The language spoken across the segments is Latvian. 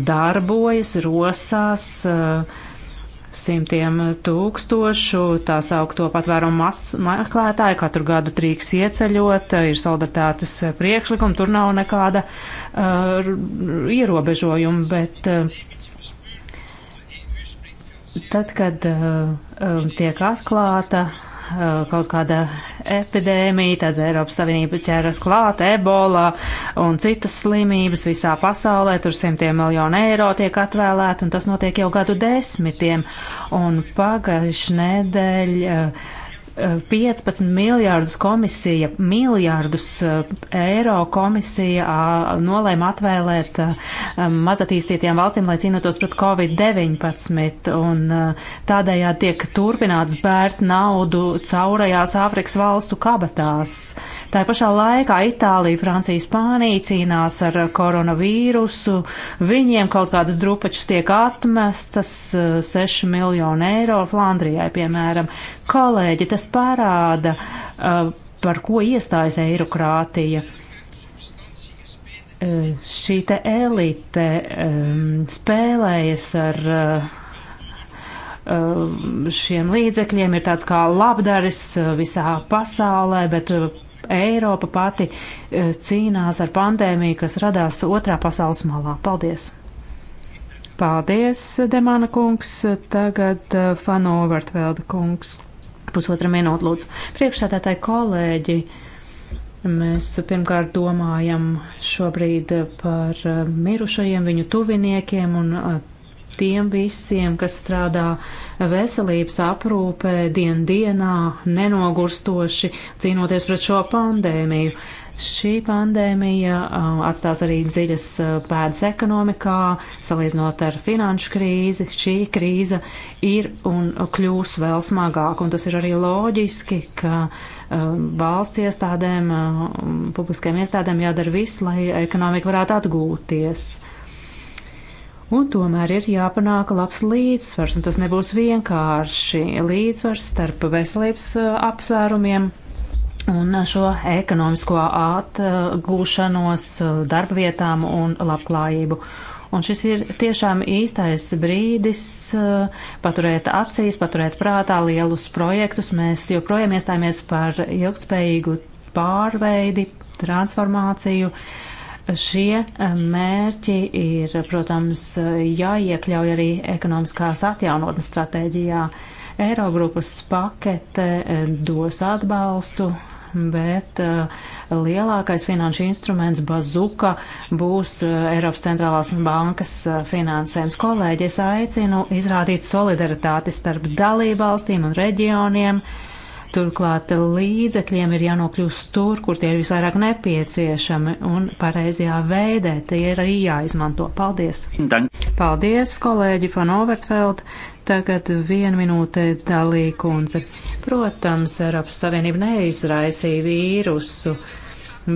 darbojas, rosās eh, simtiem tūkstošu tās augto patvērumu meklētāju katru gadu trīks ieceļot, eh, ir soldatātes priekšlikumi, tur nav nekāda uh, ierobežojuma, bet uh, tad, kad uh, tiek atklāta uh, Eh, kaut kāda epidēmija, tad Eiropas Savienība ķeras klāt ebola un citas slimības visā pasaulē, tur simtiem miljonu eiro tiek atvēlēti, un tas notiek jau gadu desmitiem. Un pagājuši nedēļ. Uh, 15 miljārdus komisija, miljārdus eh, eiro komisija nolēma atvēlēt eh, mazatīstītajām valstīm, lai cīnotos pret Covid-19, un eh, tādējādi tiek turpināts bērt naudu caurajās Āfrikas valstu kabatās. Tā pašā laikā Itālija, Francija, Spānija cīnās ar koronavīrusu, viņiem kaut kādas drupačas tiek atmestas, 6 miljonu eiro Flandrijai, piemēram. Kolēģi, tas tas parāda, uh, par ko iestājas eirokrātija. Uh, šī te elite um, spēlējas ar uh, šiem līdzekļiem, ir tāds kā labdaris visā pasaulē, bet Eiropa pati cīnās ar pandēmiju, kas radās otrā pasaules malā. Paldies! Paldies, Demāna kungs! Tagad Fanovart Velda kungs. Pusotra minūte, lūdzu. Priekšsēdētāji kolēģi, mēs pirmkārt domājam šobrīd par uh, mirušajiem, viņu tuviniekiem un uh, tiem visiem, kas strādā veselības aprūpē dien dienā, nenogurstoši cīnoties pret šo pandēmiju. Šī pandēmija atstās arī dziļas pēdas ekonomikā, salīdzinot ar finanšu krīzi. Šī krīze ir un kļūs vēl smagāk, un tas ir arī loģiski, ka valsts iestādēm, publiskajām iestādēm jādara viss, lai ekonomika varētu atgūties. Un tomēr ir jāpanāk labs līdzsvars, un tas nebūs vienkārši līdzsvars starp veselības apsvērumiem un šo ekonomisko atgūšanos darba vietām un labklājību. Un šis ir tiešām īstais brīdis eh, paturēt acīs, paturēt prātā lielus projektus. Mēs joprojām iestājāmies par ilgspējīgu pārveidi, transformāciju. Šie eh, mērķi ir, protams, jāiekļauj arī ekonomiskās atjaunotnes stratēģijā. Eirogrupas pakete eh, dos atbalstu bet uh, lielākais finanšu instruments bazuka būs uh, Eiropas centrālās bankas uh, finansējums. Kolēģi, es aicinu izrādīt solidaritāti starp dalībvalstīm un reģioniem. Turklāt līdzekļiem ir jānokļūst tur, kur tie ir visvairāk nepieciešami un pareizajā veidē tie ir arī jāizmanto. Paldies! Paldies, kolēģi Fanovertfeld! Tagad vienu minūtē dalī kundze. Protams, Eiropas Savienība neizraisīja vīrusu,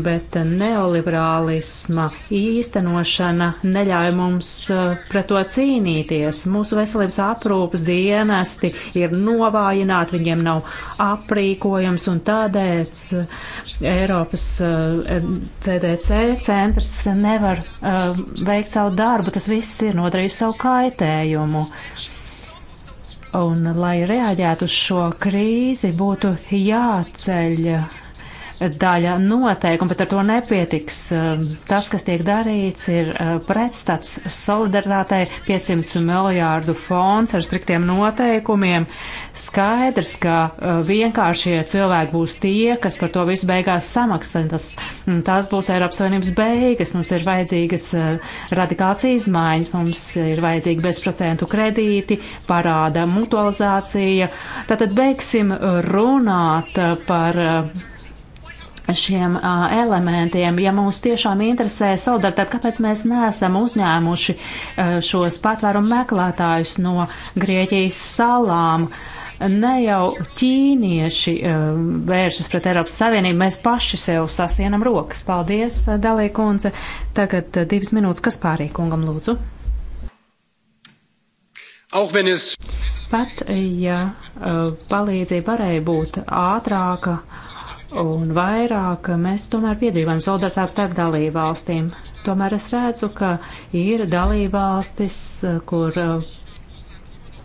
bet neoliberālisma īstenošana neļauj mums eh, pret to cīnīties. Mūsu veselības aprūpas dienesti ir novājināti, viņiem nav aprīkojums un tādēļ eh, Eiropas CDC eh, centrs nevar veikt savu darbu. Tas viss ir nodarījis savu kaitējumu. Un, lai reaģētu uz šo krīzi, būtu jāceļ daļa noteikuma, bet ar to nepietiks. Ehm, tas, kas tiek darīts, ir ehm, pretstats solidaritātei 500 miljārdu fonds ar striktiem noteikumiem. Skaidrs, ka ehm, vienkāršie cilvēki būs tie, kas par to visu beigās samaksā. Tas, tas būs Eiropas Savienības beigas. Mums ir vajadzīgas radikāls izmaiņas, mums ir vajadzīgi bezprocentu kredīti, parāda mutualizācija. Tātad beigsim runāt eh, par šiem uh, elementiem. Ja mūs tiešām interesē solidaritāte, kāpēc mēs neesam uzņēmuši uh, šos patvērumu meklētājus no Grieķijas salām? Ne jau ķīnieši uh, vēršas pret Eiropas Savienību, mēs paši sev sasienam rokas. Paldies, Dalī kundze. Tagad uh, divas minūtes, kas pārī kungam lūdzu. Auch wenn es... Pat, ja uh, palīdzība varēja būt ātrāka. Uh, un vairāk mēs tomēr piedzīvojam solidaritāti starp dalībvalstīm. Tomēr es redzu, ka ir dalībvalstis, kur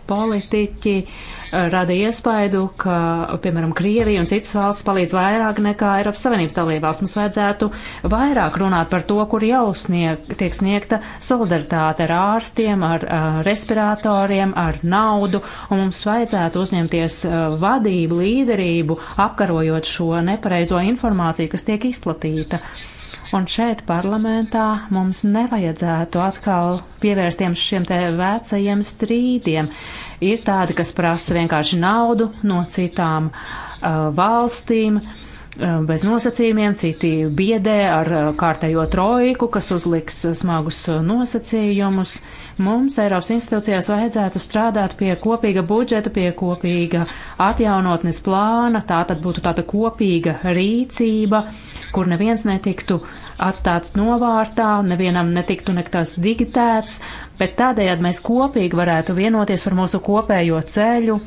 politiķi eh, rada iespaidu, ka, piemēram, Krievija un citas valsts palīdz vairāk nekā Eiropas Savienības dalībvalsts. Mums vajadzētu vairāk runāt par to, kur jau snieg, tiek sniegta solidaritāte ar ārstiem, ar, ar eh, respiratoriem, ar naudu, un mums vajadzētu uzņemties eh, vadību, līderību, apkarojot šo nepareizo informāciju, kas tiek izplatīta. Uh, Un šeit parlamentā mums nevajadzētu atkal pievērsties šiem te vecajiem strīdiem. Ir tādi, kas prasa vienkārši naudu no citām uh, valstīm. Uh, Um, bez nosacījumiem, citi biedē ar uh, kārtējo trojku, kas uzliks uh, smagus uh, nosacījumus. Mums Eiropas institūcijās vajadzētu strādāt pie kopīga budžeta, pie kopīga atjaunotnes plāna, tā tad būtu tāda kopīga rīcība, kur neviens netiktu atstāts novārtā, nevienam netiktu nektās digitēts, bet tādējādi mēs kopīgi varētu vienoties par mūsu kopējo ceļu.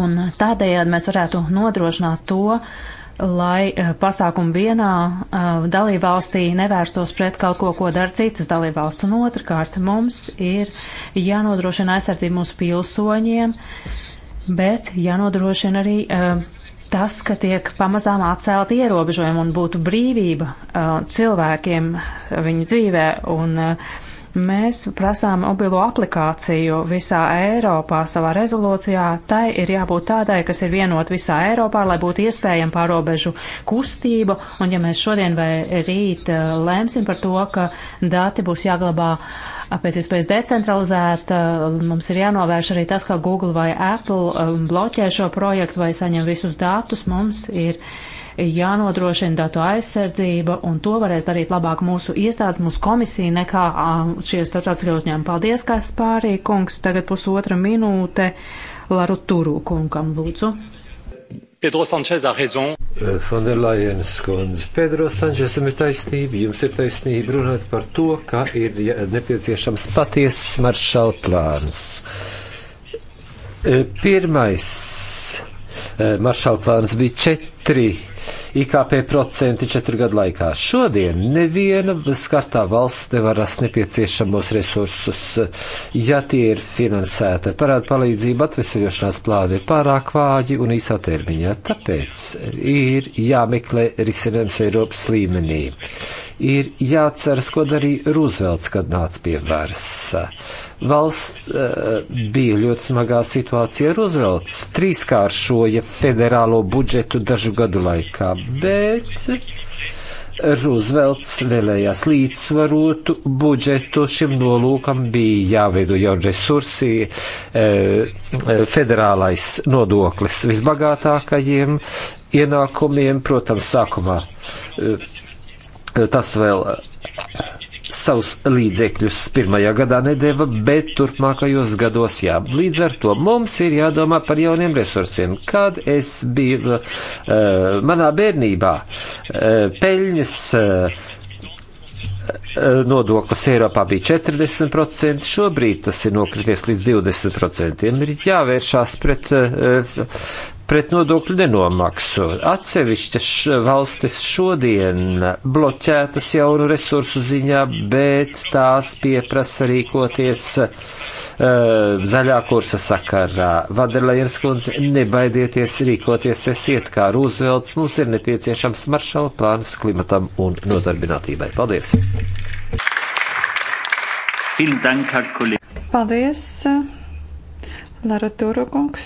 Un tādējādi mēs varētu nodrošināt to, uh, lai eh, pasākumi vienā eh, dalībvalstī nevērstos pret kaut ko, ko dara citas dalībvalsts. Un otrkārt, mums ir jānodrošina aizsardzība mūsu pilsoņiem, bet jānodrošina arī eh, tas, ka tiek pamazām atcelti ierobežojumi un būtu brīvība cilvēkiem viņu dzīvē. Un, uh, Mēs prasām mobilo aplikāciju visā Eiropā savā rezolūcijā. Tai ir jābūt tādai, kas ir vienot visā Eiropā, lai būtu iespējama pārobežu kustība. Un ja mēs šodien vai rīt eh, lēmsim par to, ka dati būs jāglabā pēc iespējas decentralizēt, mums ir jānovērš arī tas, ka Google vai Apple bloķē šo projektu vai saņem visus datus. Mums ir jānovērš jānodrošina datu aizsardzība, un to varēs darīt labāk mūsu iestādes, mūsu komisija, nekā šie starptautiskie uzņēmumi. Paldies, Kaspārī kungs, tagad pusotra minūte Laru Turu kungam, lūdzu. Pedro Sančez a raison. Fonderlajens eh, kundze, Pedro Sančezam ir taisnība, jums ir taisnība runāt par to, ka ir nepieciešams patiesas maršala plāns. Eh, pirmais eh, maršala plāns bija četri IKP procenti četru gadu laikā. Šodien neviena skartā valsts nevar rast nepieciešamos resursus, ja tie ir finansēti. Parāda palīdzība atvesaļošanās plāni ir pārāk vāji un īsā termiņā, tāpēc ir jāmeklē risinājums Eiropas līmenī ir jāatceras, ko darīja Rūzvelts, kad nāca pie varas. Valsts uh, bija ļoti smagā situācijā. Rūzvelts trīskāršoja federālo budžetu dažu gadu laikā, bet Rūzvelts vēlējās līdzsvarotu budžetu. Šim nolūkam bija jāveido jauni resursi, eh, federālais nodoklis visbagātākajiem ienākumiem, protams, sākumā eh, tas vēl eh, savus līdzekļus pirmajā gadā nedēva, bet turpmākajos gados jā. Līdz ar to mums ir jādomā par jauniem resursiem. Kad es biju uh, manā bērnībā, uh, peļņas uh, nodoklis Eiropā bija 40%, šobrīd tas ir nokrities līdz 20%. Ir jāvēršās pret uh, pret nodokļu nenomaksu. Atsevišķas valstis šodien bloķētas jaunu resursu ziņā, bet tās pieprasa rīkoties uh, zaļā kursa sakarā. Vaderlajers kundze, nebaidieties rīkoties, esiet kā Rūzvelts, mums ir nepieciešams maršala plāns klimatam un nodarbinātībai. Paldies! Paldies! Lara Tūru kungs,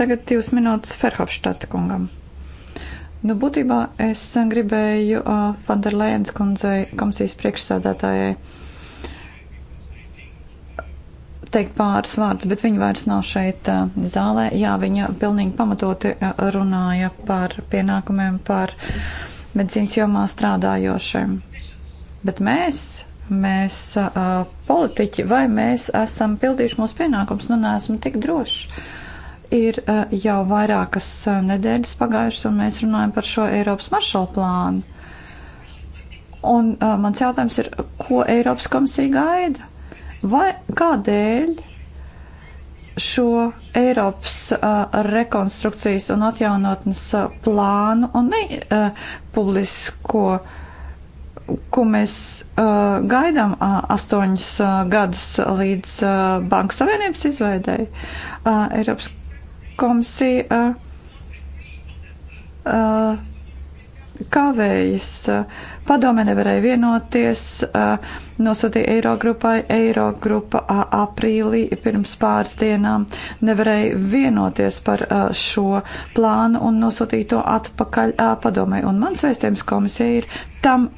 tagad divas minūtes Ferhofštata kungam. Nu, būtībā es gribēju uh, Fanderlejens kundzei, komisijas priekšsādātājai, teikt pāris vārdus, bet viņa vairs nav šeit uh, zālē. Jā, viņa pilnīgi pamatoti runāja par pienākumiem, par medicīnas jomā strādājošiem. Bet mēs mēs uh, politiķi, vai mēs esam pildījuši mūsu pienākumus, nu neesam tik droši. Ir uh, jau vairākas uh, nedēļas pagājušas, un mēs runājam par šo Eiropas maršalu plānu. Un uh, mans jautājums ir, ko Eiropas komisija gaida? Vai kādēļ šo Eiropas uh, rekonstrukcijas un atjaunotnes uh, plānu un ne, uh, publisko uh, ko mēs uh, gaidām uh, astoņus uh, gadus līdz uh, Banku Savienības izveidēji. Uh, Eiropas komisija uh, uh, kavējas, uh, padome nevarēja vienoties, uh, nosūtīja Eirogrupai, Eirogrupa uh, aprīlī pirms pāris dienām nevarēja vienoties par uh, šo plānu un nosūtīja to atpakaļ uh, padomai. Un mans vēstījums komisija ir tam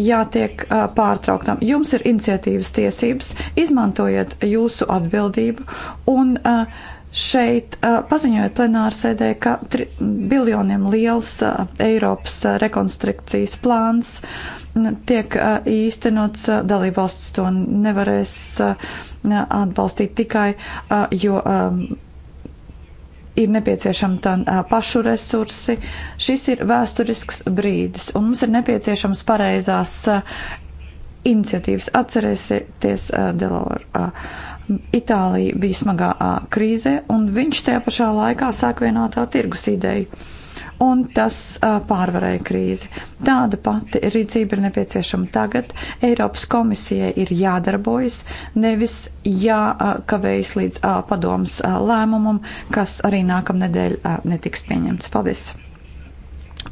jātiek uh, pārtrauktam. Jums ir iniciatīvas tiesības, izmantojiet jūsu atbildību un uh, šeit uh, paziņojiet plenārsēdē, ka tri, biljoniem liels uh, Eiropas uh, rekonstrukcijas plāns tiek uh, īstenots, uh, dalībvalsts to nevarēs uh, atbalstīt tikai, uh, jo. Um, ir nepieciešama tā a, pašu resursi. Šis ir vēsturisks brīdis, un mums ir nepieciešams pareizās a, iniciatīvas. Atcerēsieties, Delora, Itālija bija smagā a, krīzē, un viņš tajā pašā laikā sāk vienotā tirgus ideju un tas uh, pārvarēja krīzi. Tāda pati rīcība ir nepieciešama tagad. Eiropas komisijai ir jādarbojas, nevis jākavējas līdz uh, padomas uh, lēmumam, kas arī nākamnedēļ uh, netiks pieņemts. Paldies!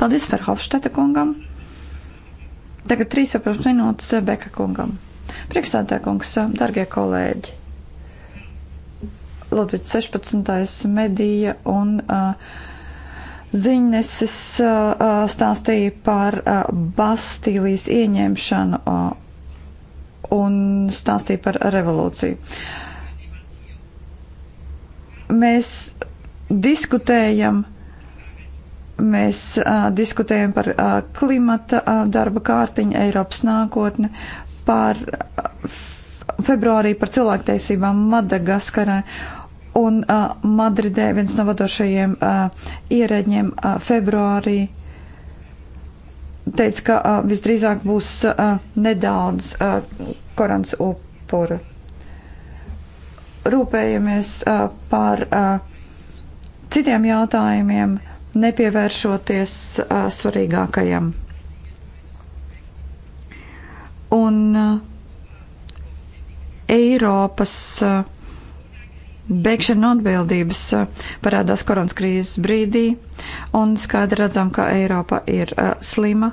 Paldies Ferhofšteta kungam! Tagad 3,5 minūtes Beka kungam. Priekšsēdētāj kungs, darbie kolēģi! Ludvigs 16. medija un uh, Ziņnesis stāstīja par Bastīlijas ieņemšanu un stāstīja par revolūciju. Mēs diskutējam, mēs diskutējam par klimata darba kārtiņu, Eiropas nākotni, par februārī par cilvēktiesībām Madagaskarā Un uh, Madridē viens no vadošajiem uh, ierēģiem uh, februārī teica, ka uh, visdrīzāk būs uh, nedaudz uh, korants upuru. Rūpējamies uh, par uh, citiem jautājumiem, nepievēršoties uh, svarīgākajam. Un uh, Eiropas uh, Bēgšana no atbildības eh, parādās koronas krīzes brīdī, un skaidri redzam, ka Eiropa ir eh, slima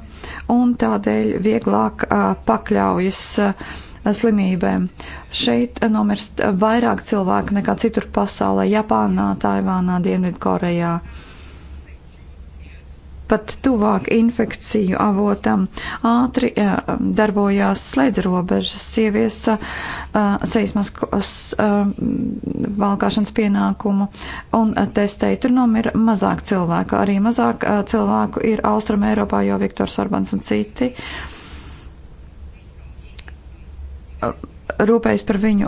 un tādēļ vieglāk eh, pakļaujas slimībēm. Šeit nomirst vairāk cilvēku nekā citur pasaulē - Japānā, Taivānā, Dienvidkorejā pat tuvāk infekciju avotam, ātri eh, darbojās slēdz robežas, sievies eh, seismas eh, valkāšanas pienākumu un testēja. Tur nomira mazāk cilvēku, arī mazāk cilvēku ir Austrum Eiropā, jo Viktors Orbans un citi. Uh, rūpējas par viņu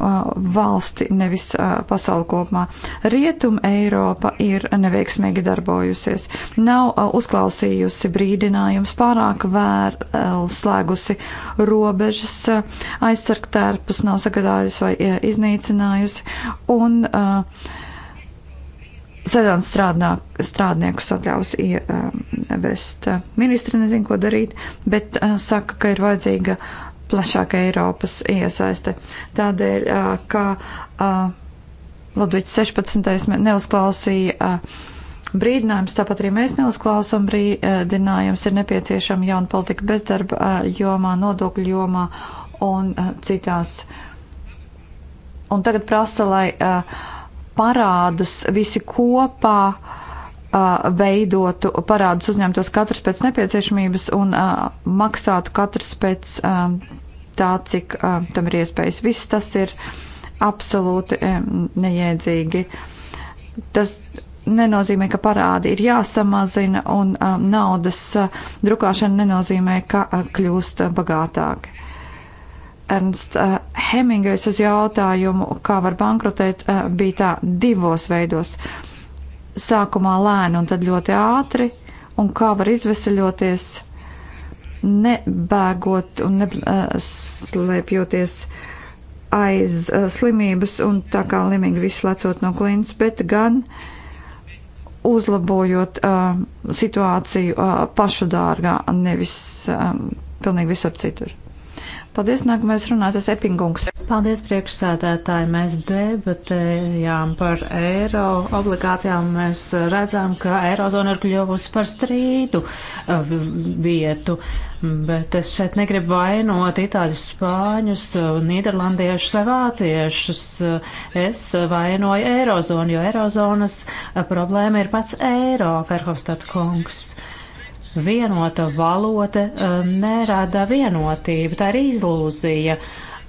valsti, nevis pasauli kopumā. Rietuma Eiropa ir neveiksmīgi darbojusies, nav uzklausījusi brīdinājums, pārāk vēl slēgusi robežas, aizsargtērpus nav sagādājusi vai iznīcinājusi, un sezonas strādā, strādniekus atļaus ievest. Ministri nezin, ko darīt, bet saka, ka ir vajadzīga plašāka Eiropas iesaiste. Tādēļ, ka Ludvigs 16. neuzklausīja brīdinājums, tāpat arī mēs neuzklausām brīdinājums, ir nepieciešama jauna politika bezdarba jomā, nodokļu jomā un citās. Un tagad prasa, lai parādus visi kopā veidotu parādus, uzņemtos katrs pēc nepieciešamības un maksātu katrs pēc tā, cik uh, tam ir iespējas. Viss tas ir absolūti um, nejēdzīgi. Tas nenozīmē, ka parādi ir jāsamazina un um, naudas uh, drukāšana nenozīmē, ka uh, kļūst uh, bagātāki. Ernsts uh, Hemingvejs uz jautājumu, kā var bankrotēt, uh, bija tā divos veidos. Sākumā lēni un tad ļoti ātri, un kā var izveseļoties nebēgot un neslēpjoties uh, aiz uh, slimības un tā kā limīgi visu lecot no klīnas, bet gan uzlabojot uh, situāciju uh, pašu dārgā, nevis um, pilnīgi visur citur. Paldies, nākamais runātas Epingungs. Paldies, priekšsēdētāji. Mēs debatējām par eiro obligācijām. Mēs redzam, ka eirozona ir kļuvusi par strīdu uh, vietu. Bet es šeit negribu vainot itāļus, spāņus, uh, nīderlandiešus vai vāciešus. Uh, es vainoju eirozonu, jo eirozonas problēma ir pats eiro, Ferhofstad kungs vienota valota eh, nerada vienotību, tā ir izlūzija.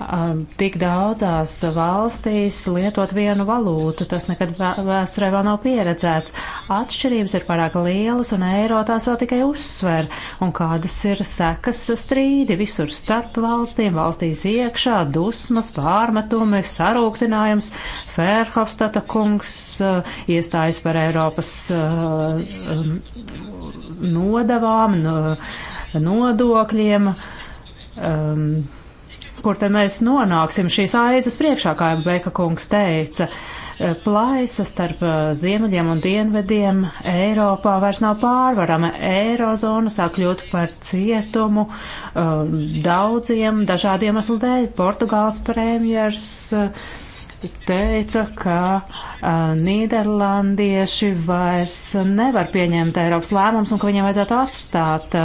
Eh, tik daudzās valstīs lietot vienu valūtu, tas nekad vēsturē vēl nav pieredzēts. Atšķirības ir pārāk lielas un eiro tās vēl tikai uzsver. Un kādas ir sekas strīdi visur starp valstīm, valstīs iekšā, dusmas, pārmetumi, sarūktinājums. Fērhofstata kungs eh, iestājas par Eiropas nodavām, no nodokļiem. Um, kur tad mēs nonāksim šīs aizas priekšā, kā jau Beka kungs teica. Plaisa starp uh, ziemeļiem un dienvediem Eiropā vairs nav pārvarama. Eirozona sāk kļūt par cietumu um, daudziem dažādiem aslu dēļ. Portugāls premjers uh, teica, ka a, Nīderlandieši vairs nevar pieņemt Eiropas lēmums un ka viņiem vajadzētu atstāt a,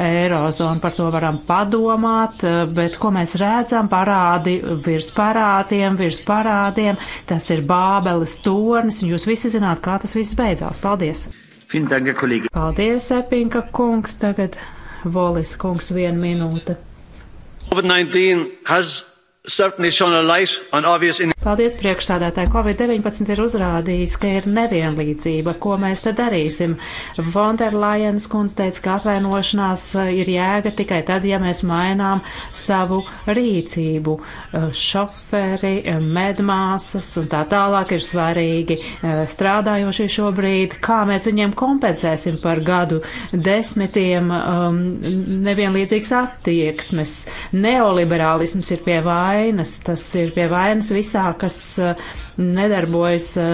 Eirozonu. Par to varam padomāt, a, bet ko mēs redzam parādi virs parādiem, virs parādiem, tas ir bābeles tornis un jūs visi zināt, kā tas viss beidzās. Paldies! Paldies, Epinka kungs, tagad Volis kungs vienu minūte. COVID-19 has certainly shone a light on obvious. Paldies priekšsādātāji. Covid-19 ir uzrādījis, ka ir nevienlīdzība. Ko mēs te darīsim? Vonderlajens kundze teica, ka atvainošanās uh, ir jēga tikai tad, ja mēs mainām savu rīcību. Uh, šoferi, uh, medmāsas un tā tālāk ir svarīgi strādājošie šobrīd. Kā mēs viņiem kompensēsim par gadu desmitiem um, nevienlīdzīgas attieksmes? Neoliberālisms ir pie vainas, tas ir pie vainas visā kas e, nedarbojas e,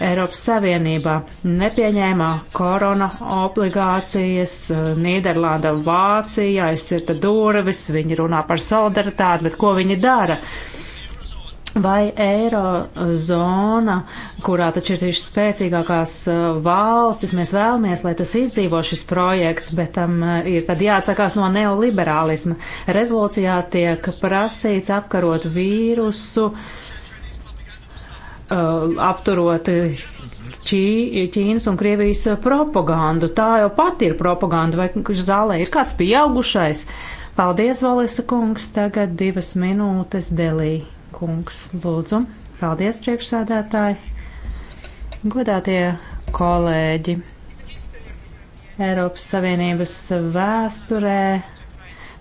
Eiropas Savienībā. Nepieņēmā korona obligācijas, e, Nīderlanda, Vācija aizsirta durvis, viņi runā par solidaritāti, bet ko viņi dara? Vai eirozona, kurā taču ir tieši spēcīgākās valstis, mēs vēlamies, lai tas izdzīvo šis projekts, bet tam ir tad jāatsakās no neoliberālisma. Rezolūcijā tiek prasīts apkarot vīrusu, uh, Uh, apturot Čī, Ķīnas un Krievijas propagandu. Tā jau pati ir propaganda, vai zālē ir kāds pieaugušais. Paldies, Valisa kungs, tagad divas minūtes delī. Kungs, lūdzu. Paldies, priekšsēdētāji. Godātie kolēģi. Eiropas Savienības vēsturē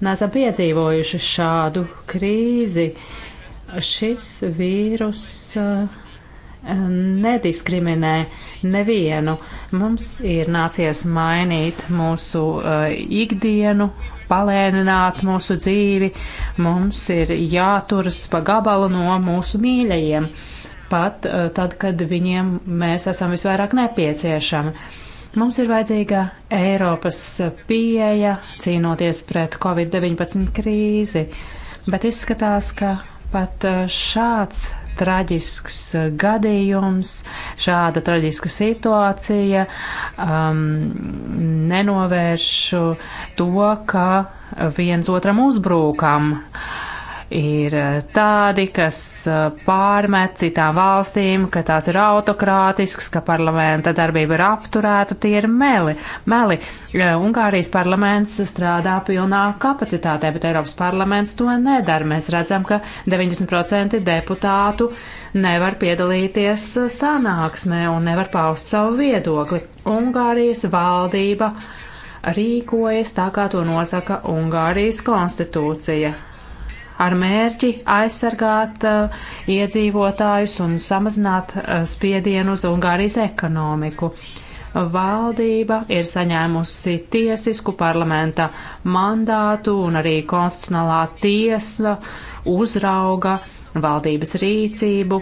neesam piedzīvojuši šādu krīzi. Šis vīrus uh, nediskriminē nevienu. Mums ir nācies mainīt mūsu uh, ikdienu, palēnināt mūsu dzīvi, mums ir jāturas pa gabalu no mūsu mīļajiem, pat uh, tad, kad viņiem mēs esam visvairāk nepieciešami. Mums ir vajadzīga Eiropas pieeja cīnoties pret Covid-19 krīzi, bet izskatās, ka pat eh, šāds traģisks eh, gadījums, šāda traģiska situācija um, nenovērš to, ka viens otram uzbrūkam. Uh, ir eh, tādi, kas eh, pārmet citām valstīm, ka tās ir autokrātisks, ka parlamenta darbība ir apturēta, tie ir meli. meli. Eh, Ungārijas parlaments strādā pilnā kapacitātē, bet Eiropas parlaments to nedara. Mēs redzam, ka 90% deputātu nevar piedalīties sanāksmē un nevar paust savu viedokli. Ungārijas valdība rīkojas tā, kā to nosaka Ungārijas konstitūcija ar mērķi aizsargāt uh, iedzīvotājus un samazināt uh, spiedienu uz Ungārijas ekonomiku. Valdība ir saņēmusi tiesisku parlamenta mandātu un arī konstitucionālā tiesa uzrauga valdības rīcību.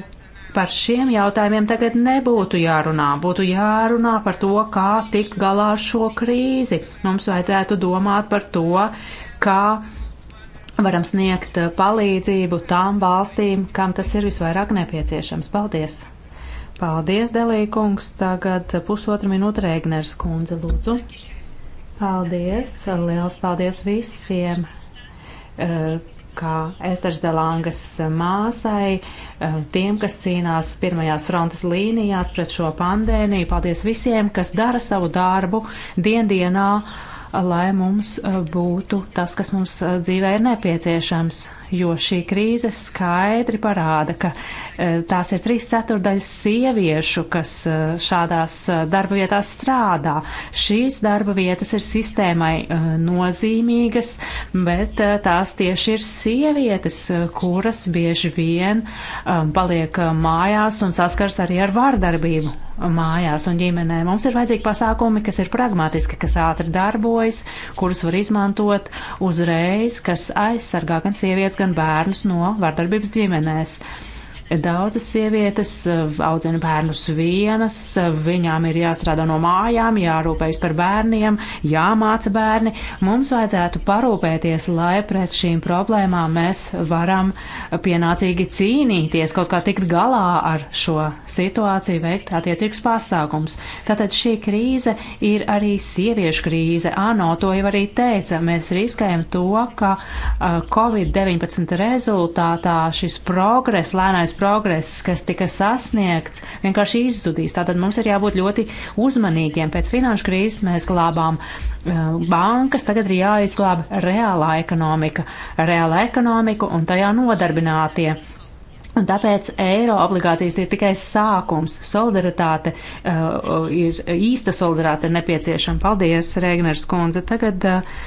Par šiem jautājumiem tagad nebūtu jārunā, būtu jārunā par to, kā tikt galā ar šo krīzi. Mums vajadzētu domāt par to, kā varam sniegt eh, palīdzību tām valstīm, kam tas ir visvairāk nepieciešams. Paldies! Paldies, Delīkungs! Tagad pusotra minūte Rēgners kundze, lūdzu. Paldies! Liels paldies visiem! Eh, kā Esters Delangas māsai, eh, tiem, kas cīnās pirmajās frontes līnijās pret šo pandēmiju. Paldies visiem, kas dara savu darbu diendienā lai mums uh, būtu tas, kas mums uh, dzīvē ir nepieciešams, jo šī krīze skaidri parāda, ka Eh, tās ir trīs ceturdaļas sieviešu, kas eh, šādās eh, darba vietās strādā. Šīs darba vietas ir sistēmai nozīmīgas, bet tās tieši ir sievietes, kuras bieži vien paliek mājās un saskars arī ar vārdarbību mājās un ģimenē. Mums ir vajadzīgi pasākumi, kas ir pragmatiski, kas ātri darbojas, kurus var izmantot uzreiz, kas aizsargā gan sievietes, gan bērnus no vardarbības ģimenēs. Daudzas sievietes audzina bērnus vienas, viņām ir jāstrādā no mājām, jārūpējas par bērniem, jāmāca bērni. Mums vajadzētu parūpēties, lai pret šīm problēmām mēs varam pienācīgi cīnīties, kaut kā tikt galā ar šo situāciju, veikt attiecīgus pasākums. Tātad šī krīze ir arī sieviešu krīze. Ano to jau arī teica, mēs riskējam to, ka uh, Covid-19 rezultātā šis progress, lēnais progress, kas tika sasniegts, vienkārši izzudīs. Tātad mums ir jābūt ļoti uzmanīgiem. Pēc finanšu krīzes mēs glābām eh, bankas, tagad ir jāizglāba reālā ekonomika, reāla ekonomika un tajā nodarbinātie. Un tāpēc eiro obligācijas ir tikai sākums. Solidaritāte uh, ir īsta solidaritāte nepieciešama. Paldies, Rēgners kundze. Tagad uh,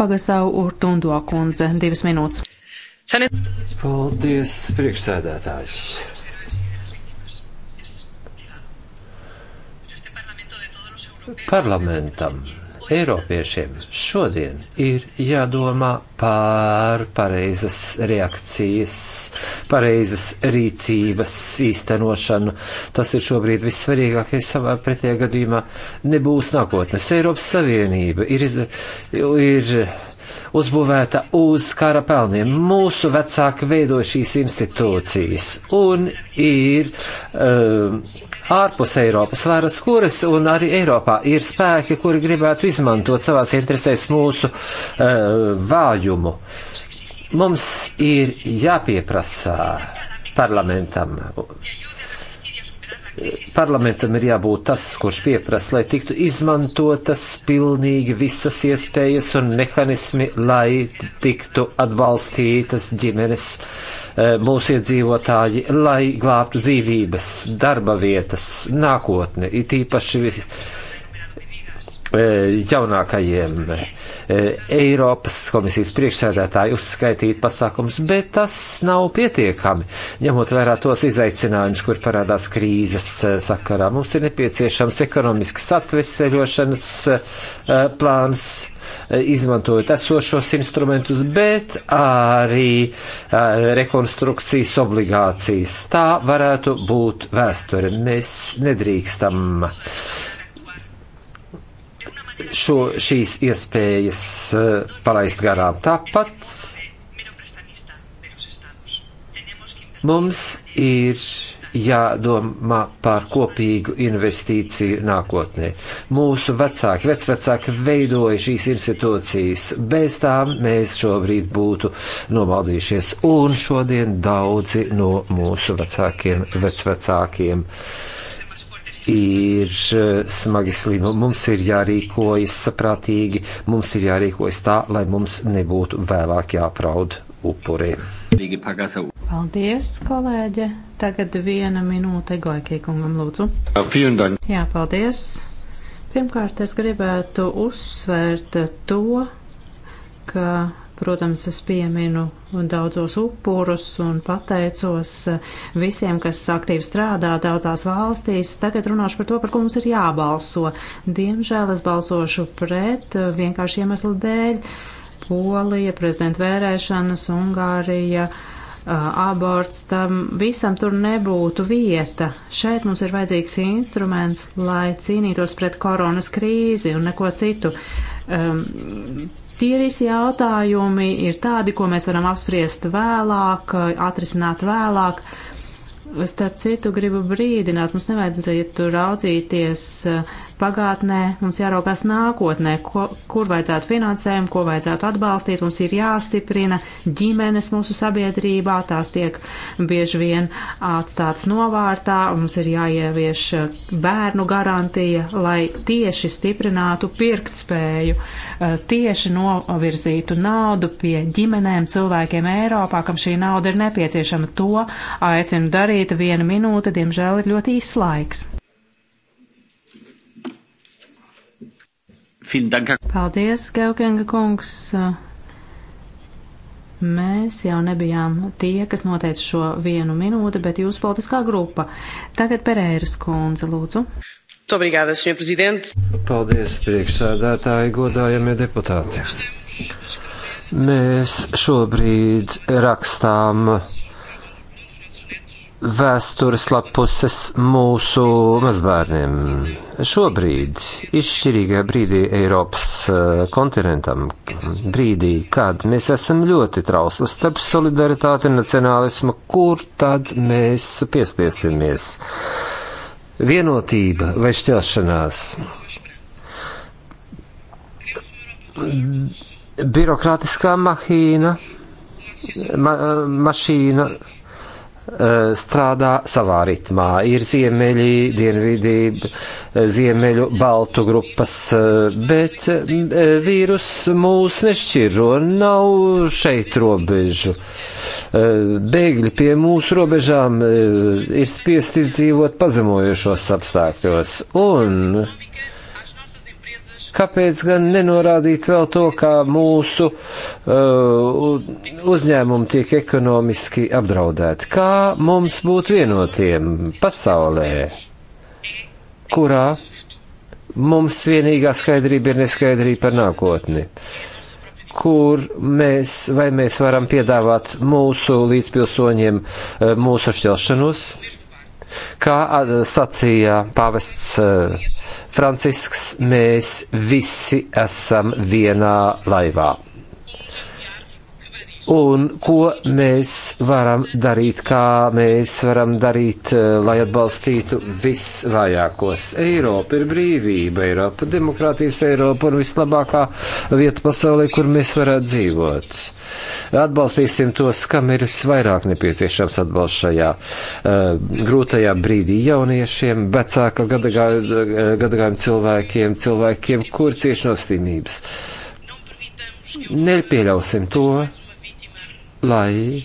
pagasau Urtundo kundze divas minūtes. Paldies, priekšsēdētājs. Parlamentam, Eiropiešiem šodien ir jādomā par pareizas reakcijas, pareizas rīcības īstenošanu. Tas ir šobrīd vissvarīgākais savā pretējā gadījumā nebūs nākotnes. Eiropas Savienība ir, iz, ir uzbūvēta uz kara pelniem. Mūsu vecāki veidoja šīs institūcijas un ir um, ārpus Eiropas varas, kuras un arī Eiropā ir spēki, kuri gribētu izmantot savās interesēs mūsu uh, vājumu. Mums ir jāpieprasa parlamentam parlamentam ir jābūt tas, kurš pieprasa, lai tiktu izmantotas pilnīgi visas iespējas un mehanismi, lai tiktu atbalstītas ģimenes, eh, mūsu iedzīvotāji, lai glābtu dzīvības, darba vietas, nākotni, it īpaši visi E, jaunākajiem e, Eiropas komisijas priekšsēdētāju uzskaitīt pasākums, bet tas nav pietiekami. Ņemot vērā tos izaicinājumus, kur parādās krīzes e, sakarā, mums ir nepieciešams ekonomisks atveseļošanas plāns, izmantojot esošos instrumentus, bet arī rekonstrukcijas obligācijas. Tā varētu būt vēsture. Mēs nedrīkstam šo, šīs iespējas eh, palaist garām. Tāpat mums ir jādomā par kopīgu investīciju nākotnē. Mūsu vecāki, vecvecāki veidoja šīs institūcijas, bez tām mēs šobrīd būtu nomaldījušies, un šodien daudzi no mūsu vecākiem, vecvecākiem. Uh, ir eh, smagi slimi. Mums ir jārīkojas saprātīgi, mums ir jārīkojas tā, lai mums nebūtu vēlāk jāpraud upuri. Paldies, kolēģe! Tagad viena minūte Goikiekungam lūdzu. Jā, paldies! Pirmkārt, es gribētu uzsvērt to, ka Protams, es pieminu daudzos upurus un pateicos eh, visiem, kas aktīvi strādā daudzās valstīs. Tagad runāšu par to, par ko mums ir jābalso. Diemžēl es balsošu pret eh, vienkārši iemeslu dēļ. Polija, prezidenta vērēšanas, Ungārija, eh, aborts, tam visam tur nebūtu vieta. Šeit mums ir vajadzīgs instruments, lai cīnītos pret koronas krīzi un neko citu. Um, Tie visi jautājumi ir tādi, ko mēs varam apspriest vēlāk, atrisināt vēlāk. Starp citu, gribu brīdināt, mums nevajadzētu raudzīties uh, pagātnē, mums jāraugās nākotnē, ko, kur vajadzētu finansējumu, ko vajadzētu atbalstīt. Mums ir jāstiprina ģimenes mūsu sabiedrībā, tās tiek bieži vien atstātas novārtā, mums ir jāievieš bērnu garantija, lai tieši stiprinātu pirktspēju, eh, tieši novirzītu naudu pie ģimenēm, cilvēkiem Eiropā, kam šī nauda ir nepieciešama. To aicinu darīt viena minūte, diemžēl ir ļoti īslaiks. Paldies, Geokenga kungs. Mēs jau nebijām tie, kas noteica šo vienu minūti, bet jūsu politiskā grupa. Tagad Pereiras kundze, lūdzu. Obrigada, senhor presidente. Paldies, priekšsēdētāji, godājamie deputāti. Mēs šobrīd rakstām vēstures lapuses mūsu mazbērniem. Šobrīd, izšķirīgajā brīdī Eiropas eh, kontinentam, brīdī, kad mēs esam ļoti trausli starp solidaritāti un nacionālismu, kur tad mēs piestiesimies? Vienotība vai šķelšanās? Birokrātiskā mahīna, ma eh, mašīna Eh, strādā savā ritmā. Ir ziemeļi, dienvidība, eh, ziemeļu baltu grupas, eh, bet vīrus mūs nešķiro, nav šeit robežu. Bēgļi pie mūsu robežām ir spiest izdzīvot pazemojošos apstākļos. Un kāpēc gan nenorādīt vēl to, kā mūsu uh, uzņēmumi tiek ekonomiski apdraudēti? Kā mums būt vienotiem pasaulē, kurā mums vienīgā skaidrība ir neskaidrība par nākotni? kur mēs, vai mēs varam piedāvāt mūsu līdzpilsoņiem uh, mūsu šķelšanos, kā uh, sacīja pāvests uh, Francisks, mēs visi esam vienā laivā un ko mēs varam darīt, kā mēs varam darīt, eh, lai atbalstītu visvājākos. Eiropa ir brīvība, Eiropa, demokrātijas Eiropa un vislabākā vieta pasaulē, kur mēs varētu dzīvot. Atbalstīsim tos, kam ir visvairāk nepieciešams atbalsts šajā uh, grūtajā brīdī - jauniešiem, vecāka eh, gadagājuma cilvēkiem, cilvēkiem, kur cieši no slimības. Nepieļausim to, lai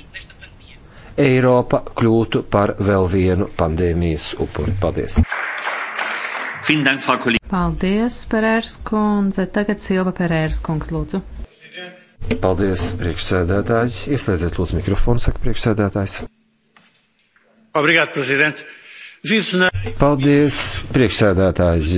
Eiropa kļūtu par vēl vienu pandēmijas upuri. Paldies! Paldies, Perērs kundze. Tagad Silva Perērs kungs, lūdzu. Paldies, priekšsēdētājs. Ieslēdziet, lūdzu, mikrofonu, saka priekšsēdētājs. Obrigāt, prezident. Paldies, priekšsēdētājs.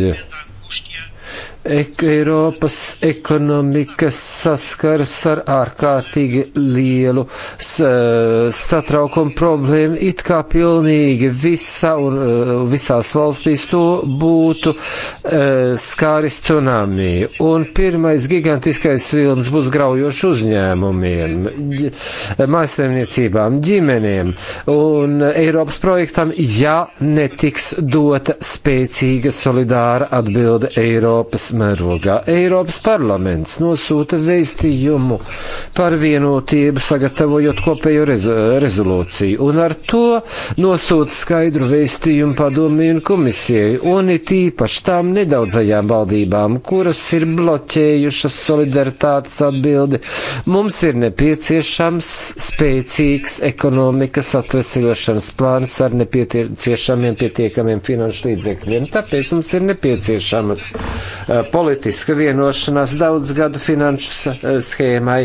Ek Eiropas ekonomika saskaras ar ārkārtīgi lielu satraukumu problēmu, it kā pilnīgi visa un eh, visās valstīs to būtu eh, skāris tsunami. Un pirmais gigantiskais vilnis būs graujoši uzņēmumiem, mājasēmniecībām, ģimenēm un Eiropas projektam, ja netiks dota spēcīga solidāra atbilde Eiropas mērogā. Eiropas parlaments nosūta veistījumu par vienotību, sagatavojot kopējo rezo rezolūciju, un ar to nosūta skaidru veistījumu padomju un komisijai, un it īpaši tām nedaudzajām valdībām, kuras ir bloķējušas solidaritātes atbildi. Mums ir nepieciešams spēcīgs ekonomikas atvesaļošanas plāns ar nepieciešamiem pietiekamiem finanšu līdzekļiem. Tāpēc mums ir nepieciešamas politiska vienošanās daudz gadu finanšu eh, schēmai,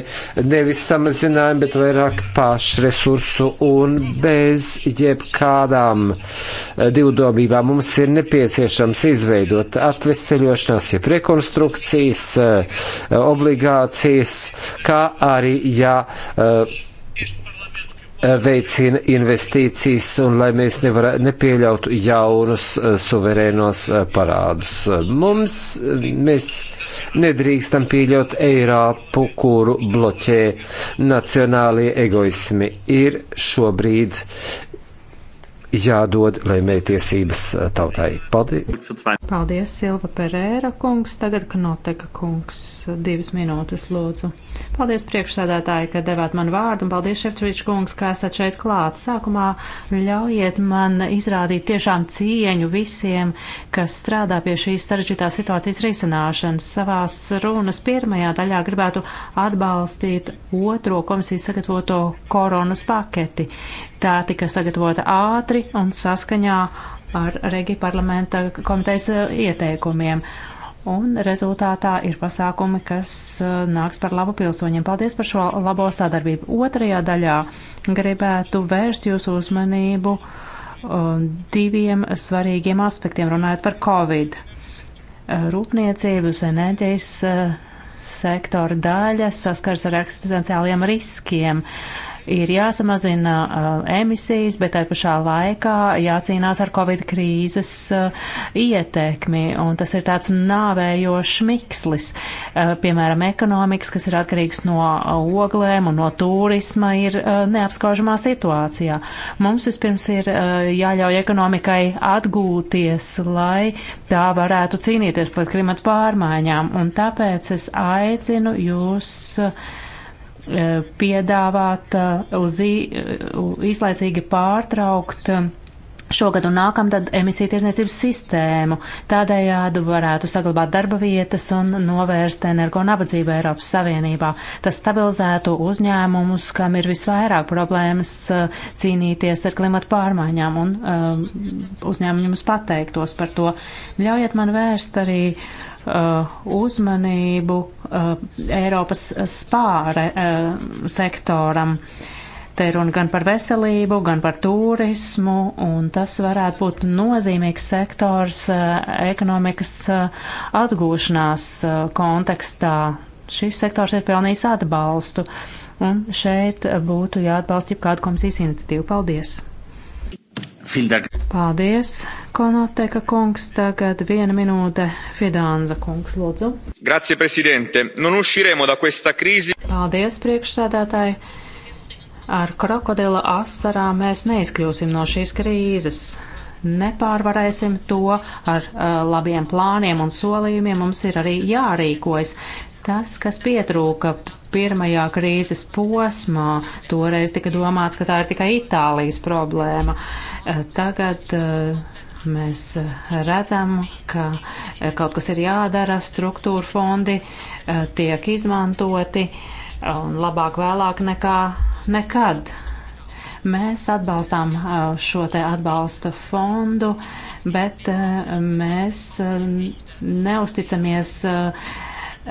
nevis samazinājumi, bet vairāk pašresursu un bez jebkādām eh, divdomībām mums ir nepieciešams izveidot atvesceļošanās, jeb rekonstrukcijas, eh, obligācijas, kā arī, ja Eh, veicina investīcijas un lai mēs nevarē, nepieļautu jaunus eh, suverēnos eh, parādus. Mums, mēs nedrīkstam pieļaut Eiropu, kuru bloķē nacionālie egoismi. Ir šobrīd jādod laimētiesības eh, tautai. Paldies! Paldies, Silva Perēra kungs, tagad Knoteka kungs, divas minūtes lūdzu. Paldies priekšsēdētāji, ka devāt man vārdu, un paldies Šefčovičs kungs, ka esat šeit klāt. Sākumā ļaujiet man izrādīt tiešām cieņu visiem, kas strādā pie šīs sarežģītās situācijas risināšanas. Savās runas pirmajā daļā gribētu atbalstīt otro komisijas sagatavoto koronas paketi. Tā tika sagatavota ātri un saskaņā ar Regi parlamenta komitejas e, ieteikumiem. Un rezultātā ir pasākumi, kas e, nāks par labu pilsoņiem. Paldies par šo labo sadarbību. Otrajā daļā gribētu vērst jūsu uzmanību e, diviem svarīgiem aspektiem, runājot par Covid. Rūpniecības, enerģijas sektora daļa saskars ar eksistenciāliem riskiem. Uh, ir jāsamazina uh, emisijas, bet tai pašā laikā jācīnās ar Covid krīzes uh, ietekmi, un tas ir tāds nāvējošs mikslis. Uh, piemēram, ekonomikas, kas ir atkarīgs no oglēm un no turisma, ir neapskaužamā situācijā. Mums vispirms ir jāļauj ekonomikai atgūties, lai tā varētu cīnīties pret klimatu pārmaiņām, un tāpēc es aicinu jūs uh, Eh, piedāvāt eh, uz eh, īslaicīgi pārtraukt šogad un nākamgad emisiju tirzniecības sistēmu. Tādējādi varētu saglabāt darba vietas un novērst energo nabadzību Eiropas Savienībā. Tas stabilizētu uzņēmumus, kam ir visvairāk problēmas cīnīties ar klimatu pārmaiņām un um, uzņēmumus pateiktos par to. Ļaujiet man vērst arī uh, Uh, uzmanību uh, Eiropas spāre uh, sektoram. Te ir runa gan par veselību, gan par turismu, un tas varētu būt nozīmīgs sektors ekonomikas atgūšanās kontekstā. Šis sektors ir pelnījis atbalstu, un šeit būtu jāatbalsta jebkāda komisijas iniciatīva. Paldies! Fildak. Paldies, Konoteka kungs. Tagad viena minūte Fidanza kungs, lūdzu. Grazie, prezidente. Non usciremo da questa krīzi. Paldies, priekšsēdētāji. Ar krokodila asarām mēs neizkļūsim no šīs krīzes. Nepārvarēsim to ar uh, labiem plāniem un solījumiem. Mums ir arī jārīkojas. Tas, kas pietrūka pirmajā krīzes posmā. Toreiz tika domāts, ka tā ir tikai Itālijas problēma. Eh, tagad eh, mēs eh, redzam, ka kaut kas ir jādara, struktūra fondi tiek izmantoti un labāk vēlāk nekā nekad. Mēs atbalstām šo te atbalsta fondu, bet mēs neusticamies uh,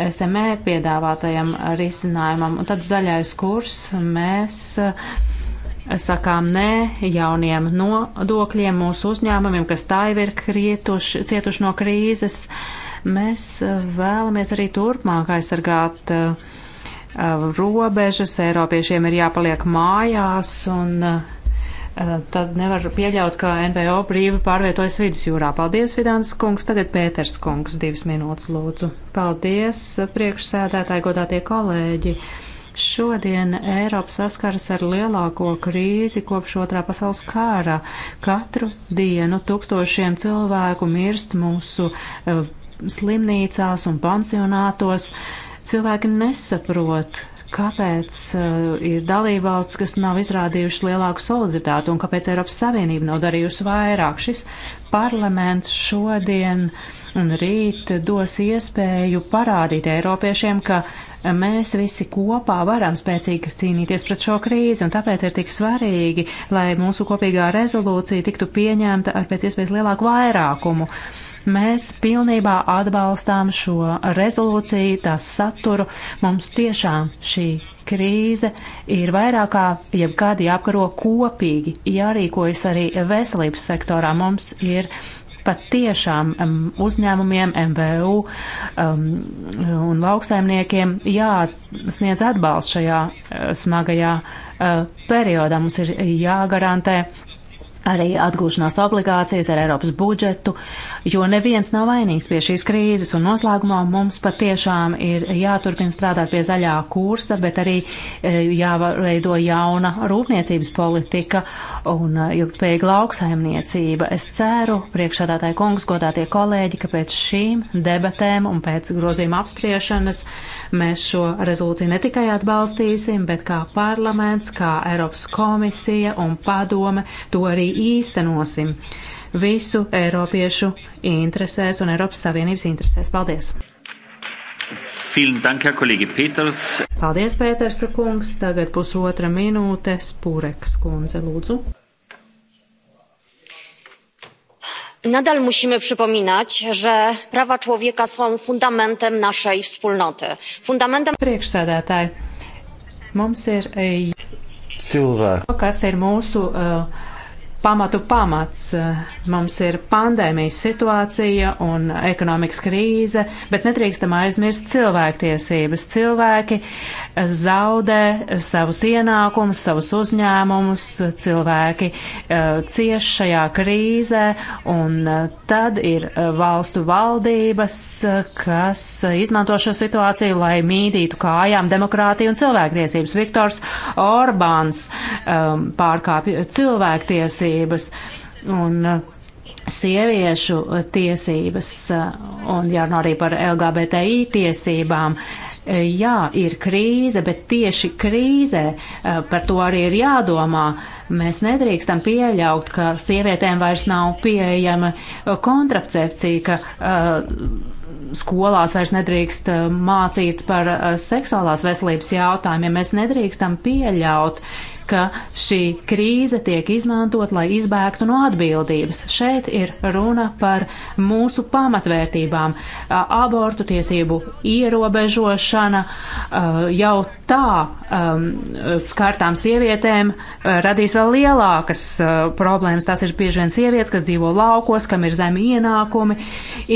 SME piedāvātajam risinājumam. Un tad zaļais kurs mēs eh, sakām nē jauniem nodokļiem mūsu uzņēmumiem, kas tā jau ir krietuši, cietuši no krīzes. Mēs eh, vēlamies arī turpmāk aizsargāt eh, robežas. Eiropiešiem ir jāpaliek mājās un uh, Eh, tad nevar pieļaut, ka NVO brīvi pārvietojas vidusjūrā. Paldies, Vidāns kungs, tagad Pēters kungs, divas minūtes lūdzu. Paldies, priekšsēdētāji, godātie kolēģi. Šodien Eiropa saskaras ar lielāko krīzi kopš otrā pasaules kāra. Katru dienu tūkstošiem cilvēku mirst mūsu uh, slimnīcās un pansionātos. Cilvēki nesaprot, kāpēc uh, ir dalībvalsts, kas nav izrādījušas lielāku solidaritāti un kāpēc Eiropas Savienība nav darījusi vairāk. Šis parlaments šodien un rīt dos iespēju parādīt Eiropiešiem, ka mēs visi kopā varam spēcīgi cīnīties pret šo krīzi, un tāpēc ir tik svarīgi, lai mūsu kopīgā rezolūcija tiktu pieņemta ar pēc iespējas lielāku vairākumu. Uh, Mēs pilnībā atbalstām šo rezolūciju, tās saturu. Mums tiešām šī krīze ir vairāk kā jebkad jāapkaro kopīgi, jārīkojas arī veselības sektorā. Mums ir pat tiešām uzņēmumiem, MVU um, un lauksaimniekiem jāsniedz atbalsts šajā eh, smagajā uh, periodā. Mums ir jāgarantē arī atgūšanās obligācijas ar Eiropas budžetu, jo neviens nav vainīgs pie šīs krīzes, un noslēgumā mums patiešām ir jāturpina strādāt pie zaļā kursa, bet arī e, jāveido jauna rūpniecības politika un e, ilgspējīga lauksaimniecība. Es ceru, priekšādātāji kungs, godātie kolēģi, ka pēc šīm debatēm un pēc grozījuma apspriešanas Mēs šo rezolūciju ne tikai atbalstīsim, bet kā parlaments, kā Eiropas komisija un padome to arī īstenosim. Visu Eiropiešu interesēs un Eiropas Savienības interesēs. Paldies! Dank, Paldies, Pēters kungs. Tagad pusotra minūte Spūreks kundze, lūdzu. nadal musimy przypominać że prawa człowieka są fundamentem naszej wspólnoty fundamentem Priekšsēdētāji, mums ir cilvēku, kas ir mūsu uh, pamatu pamats. Mums ir pandēmijas situācija un ekonomikas krīze, bet nedrīkstam aizmirst cilvēktiesības. Cilvēki zaudē savus ienākumus, savus uzņēmumus, cilvēki uh, cieš šajā krīzē, un eh, tad ir eh, valstu valdības, kas izmanto šo situāciju, lai mīdītu kājām demokrātiju un cilvēktiesības. Viktors Orbāns um, pārkāpja cilvēktiesības tiesības un uh, sieviešu uh, tiesības uh, un jārunā arī par LGBTI tiesībām. Jā, ir krīze, bet tieši krīzē par to arī ir jādomā. Mēs nedrīkstam pieļaut, ka sievietēm vairs nav pieejama kontracepcija, ka uh, skolās vairs nedrīkst mācīt par seksuālās veselības jautājumiem. Mēs nedrīkstam pieļaut, ka šī krīze tiek izmantot, lai izbēgtu no atbildības. Šeit ir runa par mūsu pamatvērtībām - abortu tiesību ierobežošana jau tā um, skartām sievietēm radīs vēl lielākas problēmas. Tas ir bieži vien sievietes, kas dzīvo laukos, kam ir zemi ienākumi.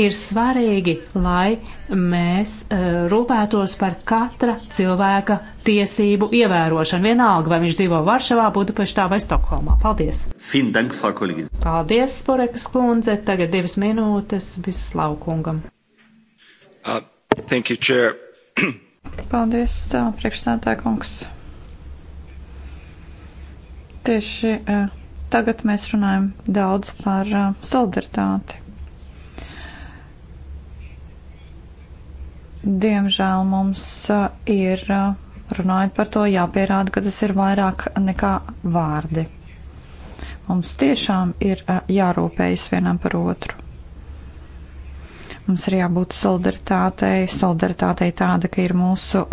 Ir svarīgi, lai mēs eh, rūpētos par katra cilvēka tiesību ievērošanu. Vienalga, vai viņš dzīvo Varšavā, Budapeštā vai Stokholmā. Paldies! Dank, Paldies, Sporekas kundze! Tagad divas minūtes Bislaukungam. Uh, thank you, Chair. Paldies, uh, priekšsēdētāja kungs. Tieši uh, tagad mēs runājam daudz par uh, solidaritāti. Diemžēl mums ir, runājot par to, jāpierāda, ka tas ir vairāk nekā vārdi. Mums tiešām ir jārūpējas vienam par otru. Mums ir jābūt solidaritātei, solidaritātei tāda, ka ir mūsu,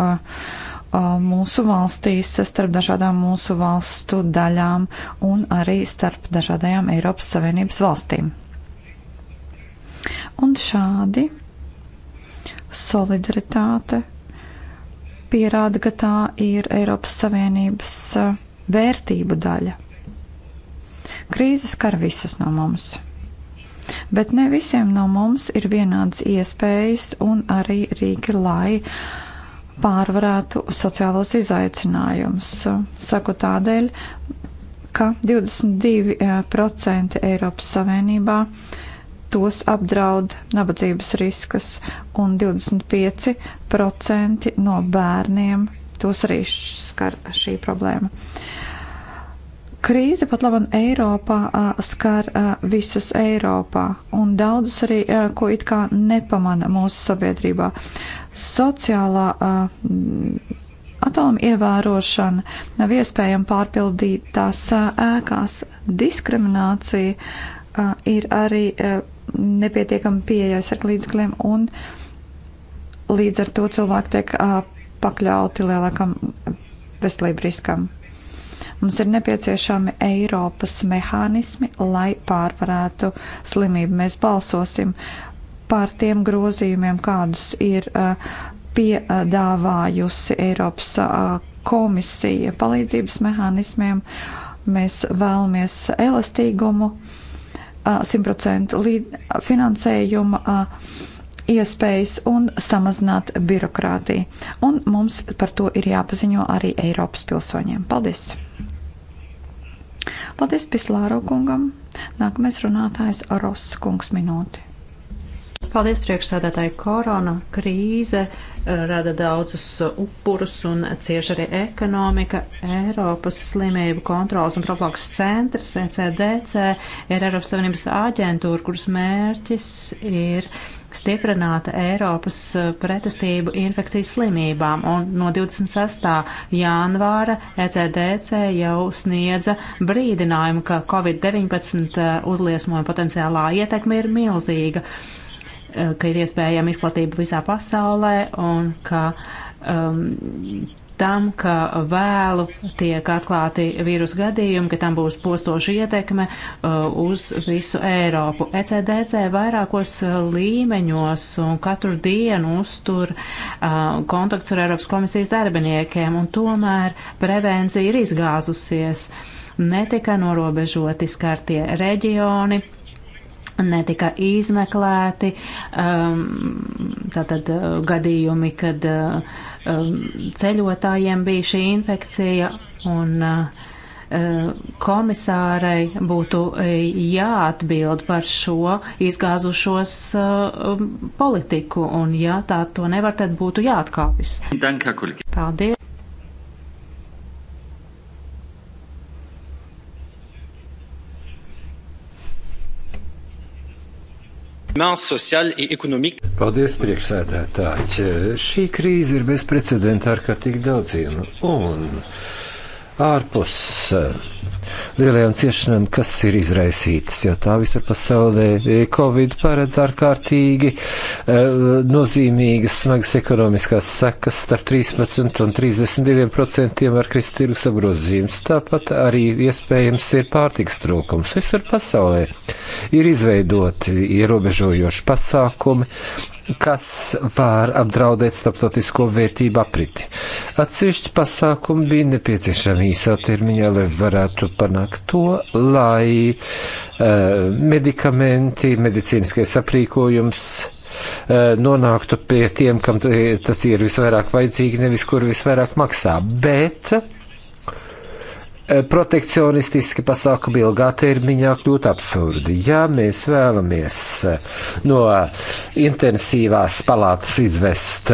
mūsu valstīs, starp dažādām mūsu valstu daļām un arī starp dažādajām Eiropas Savienības valstīm. Un šādi solidaritāte pierāda, ka tā ir Eiropas Savienības eh, vērtību daļa. Krīzes skar visus no mums, bet ne visiem no mums ir vienādas iespējas un arī rīki, lai pārvarētu sociālos izaicinājumus. Saku tādēļ, ka 22% eh, Eiropas Savienībā uh, tos apdraud nabadzības riskas, un 25% no bērniem tos arī skar šī problēma. Krīze pat labi Eiropā skar visus Eiropā un daudzus arī, ko it kā nepamana mūsu sabiedrībā. Sociālā atomu ievērošana nav iespējama pārpildītās ēkās. Diskriminācija ir arī nepietiekami pieejai sarglīdzekļiem, un līdz ar to cilvēki tiek uh, pakļauti lielākam veselību riskam. Mums ir nepieciešami Eiropas mehānismi, lai pārvarētu slimību. Mēs balsosim par tiem grozījumiem, kādus ir uh, piedāvājusi Eiropas uh, komisija palīdzības mehānismiem. Mēs vēlamies elastīgumu. Uh, 100% finansējuma iespējas un samazināt birokrātiju. Un mums par to ir jāpaziņo arī Eiropas pilsoņiem. Paldies! Paldies Pislāro kungam! Nākamais runātājs Ross kungs minūti. Paldies, priekšsēdētāji. Korona krīze eh, rada daudzus eh, upurus un cieši arī ekonomika. Eiropas slimību kontrolas un profilaks centrs, ECDC, ir Eiropas Savienības aģentūra, kuras mērķis ir stiprināta Eiropas eh, pretestību infekcijas slimībām, un no 26. janvāra ECDC jau sniedza brīdinājumu, ka Covid-19 uzliesmojuma potenciālā ietekme ir milzīga. Eh, ka ir iespējama izplatība visā pasaulē un ka um, tam, ka vēlu tiek atklāti vīrusu gadījumi, ka tam būs postoša ietekme eh, uz visu Eiropu. ECDC vairākos eh, līmeņos un katru dienu uztur kontakts ar Eiropas komisijas darbiniekiem, un tomēr prevencija ir izgāzusies. Netika norobežoti skartie reģioni netika izmeklēti um, tātad uh, gadījumi, kad uh, um, ceļotājiem bija šī infekcija un uh, uh komisārai būtu jāatbild par šo izgāzušos uh, um, politiku, un ja tā to nevar, tad būtu jāatkāpjas. Paldies! Paldies, priekšsēdētāji. Šī krīze ir bezprecedenta ar kā tik daudziem un ārpus lielajām ciešanām, kas ir izraisītas, jo tā visur pasaulē Covid paredz ārkārtīgi eh, nozīmīgas smagas ekonomiskās sekas starp 13 un 32 procentiem var krist tirgus apgrozījums. Tāpat arī iespējams ir pārtiks trūkums. Visur pasaulē ir izveidoti ierobežojoši pasākumi, kas var apdraudēt starptautisko vērtību apriti. Atsevišķi pasākumi bija nepieciešami īsā termiņā, lai varētu par jāpanāk to, lai uh, medikamenti, medicīniskais aprīkojums uh, eh, nonāktu pie tiem, kam tas ir visvairāk vajadzīgi, nevis kur visvairāk maksā. Bet uh, protekcionistiski pasākumi ilgā termiņā kļūt absurdi. Ja mēs vēlamies no intensīvās palātas izvest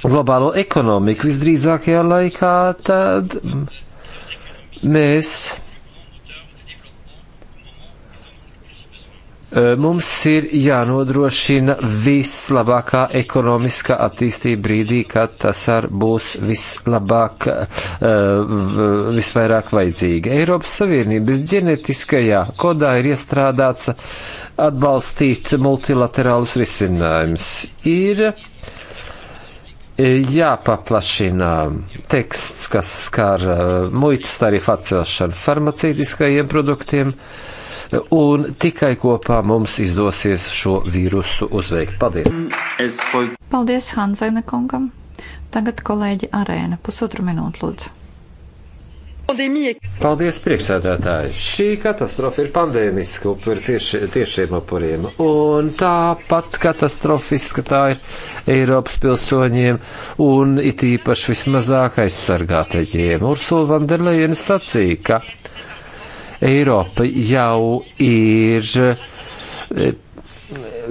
globālo ekonomiku visdrīzākajā laikā, tad Mēs eh, Mums ir jānodrošina vislabākā ekonomiskā attīstība brīdī, kad tas ar būs vislabāk, eh, visvairāk vajadzīga. Eiropas Savienības ģenetiskajā kodā ir iestrādāts atbalstīt multilaterālus risinājumus. Ir jāpaplašina teksts, kas skar eh, muitas tarifu atcelšanu farmacītiskajiem produktiem, un tikai kopā mums izdosies šo vīrusu uzveikt. Paldies! Paldies Hanzaina kungam! Tagad kolēģi arēna pusotru minūtu lūdzu. Paldies, priekšsēdētāji! Šī katastrofa ir pandēmiska par cieši, tiešiem upuriem, un tāpat katastrofiska tā ir Eiropas pilsoņiem un it īpaši vismazāk aizsargātajiem. Ursula van der Leyen sacīja, ka Eiropa jau ir eh,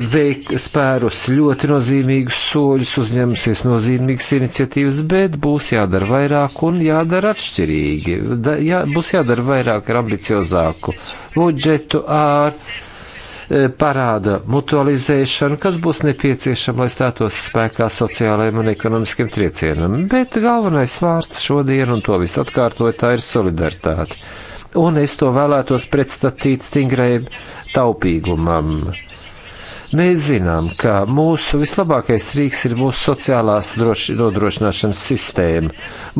veik, spērus ļoti nozīmīgus soļus, uzņemsies nozīmīgas iniciatīvas, bet būs jādara vairāk un jādara atšķirīgi. Da, jā, būs jādara vairāk ar ambiciozāku budžetu, ar e, parāda mutualizēšanu, kas būs nepieciešama, lai stātos spēkā sociālajiem un ekonomiskiem triecienam. Bet galvenais vārds šodien, un to viss atkārtoja, tā ir solidaritāte. Un es to vēlētos pretstatīt stingrai taupīgumam Mēs zinām, ka mūsu vislabākais rīks ir mūsu sociālās droši, nodrošināšanas sistēma,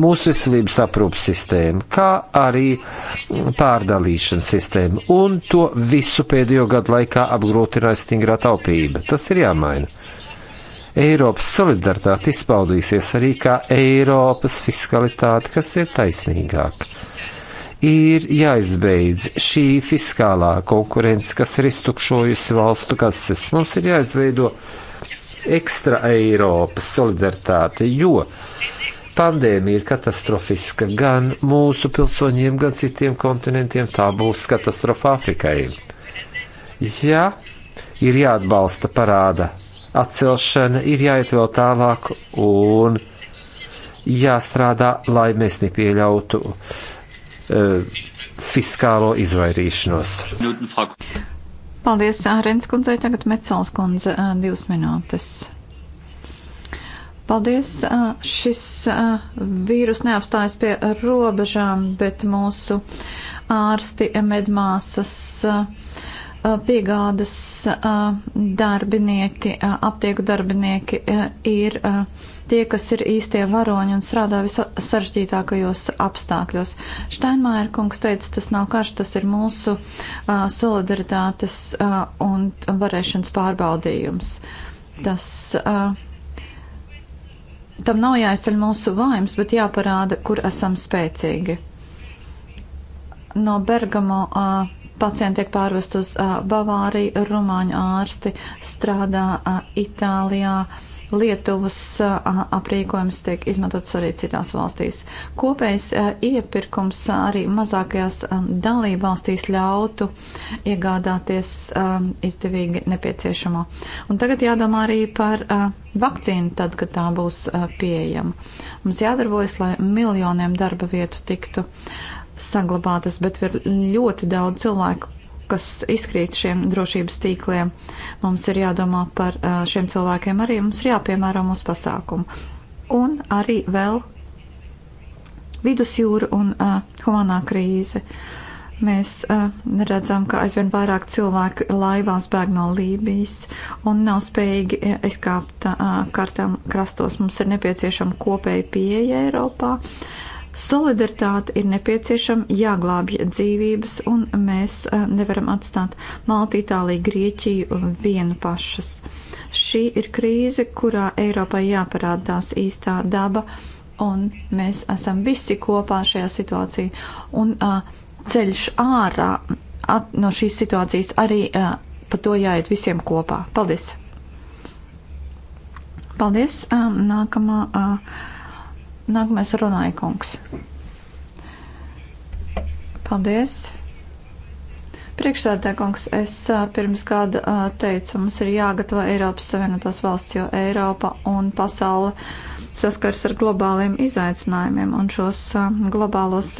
mūsu veselības aprūpas sistēma, kā arī pārdalīšanas sistēma, un to visu pēdējo gadu laikā apgrūtināja stingrā taupība. Tas ir jāmaina. Eiropas solidaritāte izpaudīsies arī kā Eiropas fiskalitāte, kas ir taisnīgāka ir jāizbeidz šī fiskālā konkurence, kas ir iztukšojusi valstu kases. Mums ir jāizveido ekstra Eiropas solidaritāte, jo pandēmija ir katastrofiska gan mūsu pilsoņiem, gan citiem kontinentiem. Tā būs katastrofa Afrikai. Ja ir jāatbalsta parāda atcelšana, ir jāiet vēl tālāk un jāstrādā, lai mēs nepieļautu uh, Eh, fiskālo izvairīšanos. Paldies, Renskundzei. Tagad Mecāls kundze eh, divas minūtes. Paldies! Eh, šis vīrus neapstājas pie robežām, bet mūsu ārsti, medmāsas, piegādes darbinieki, aptieku darbinieki ir tie, kas ir īstie varoņi un strādā visaržģītākajos apstākļos. Steinmaier kungs teica, tas nav karš, tas ir mūsu uh, solidaritātes uh, un varēšanas pārbaudījums. Tas, uh, tam nav jāizceļ mūsu vājums, bet jāparāda, kur esam spēcīgi. No Bergamo uh, pacienti tiek pārvest uz uh, Bavāriju, Rumāņu ārsti strādā uh, Itālijā. Uh, Lietuvas aprīkojums tiek izmantots arī citās valstīs. Kopējs iepirkums arī mazākajās dalība valstīs ļautu iegādāties izdevīgi nepieciešamo. Un tagad jādomā arī par vakcīnu, tad, kad tā būs pieejama. Mums jādarbojas, lai miljoniem darba vietu tiktu saglabātas, bet ir ļoti daudz cilvēku, kas izkrīt šiem drošības tīkliem. Mums ir jādomā par šiem cilvēkiem arī, mums ir jāpiemēro mūsu pasākumu. Un arī vēl vidusjūra un uh, humanā krīze. Mēs uh, redzam, ka aizvien vairāk cilvēku laivās bēg no Lībijas un nav spējīgi izkāpt uh, kartām krastos. Mums ir nepieciešama kopēja pieeja Eiropā. Uh, Solidaritāte ir nepieciešama, jāglābj dzīvības, un mēs e, nevaram atstāt Maltu, Itāliju, Grieķiju vienu pašas. Šī ir krīze, kurā Eiropai jāparādās īstā daba, un mēs esam visi kopā šajā situācijā, un uh, ceļš ārā at, no šīs situācijas arī uh, pa to jāiet visiem kopā. Paldies! Paldies! Um, nākamā. Uh, Nākamais runāja kungs. Paldies. Priekšsēdētāj kungs, es pirms gada teicu, mums ir jāgatavo Eiropas Savienotās valsts, jo Eiropa un pasaule saskars ar globāliem izaicinājumiem un šos globālos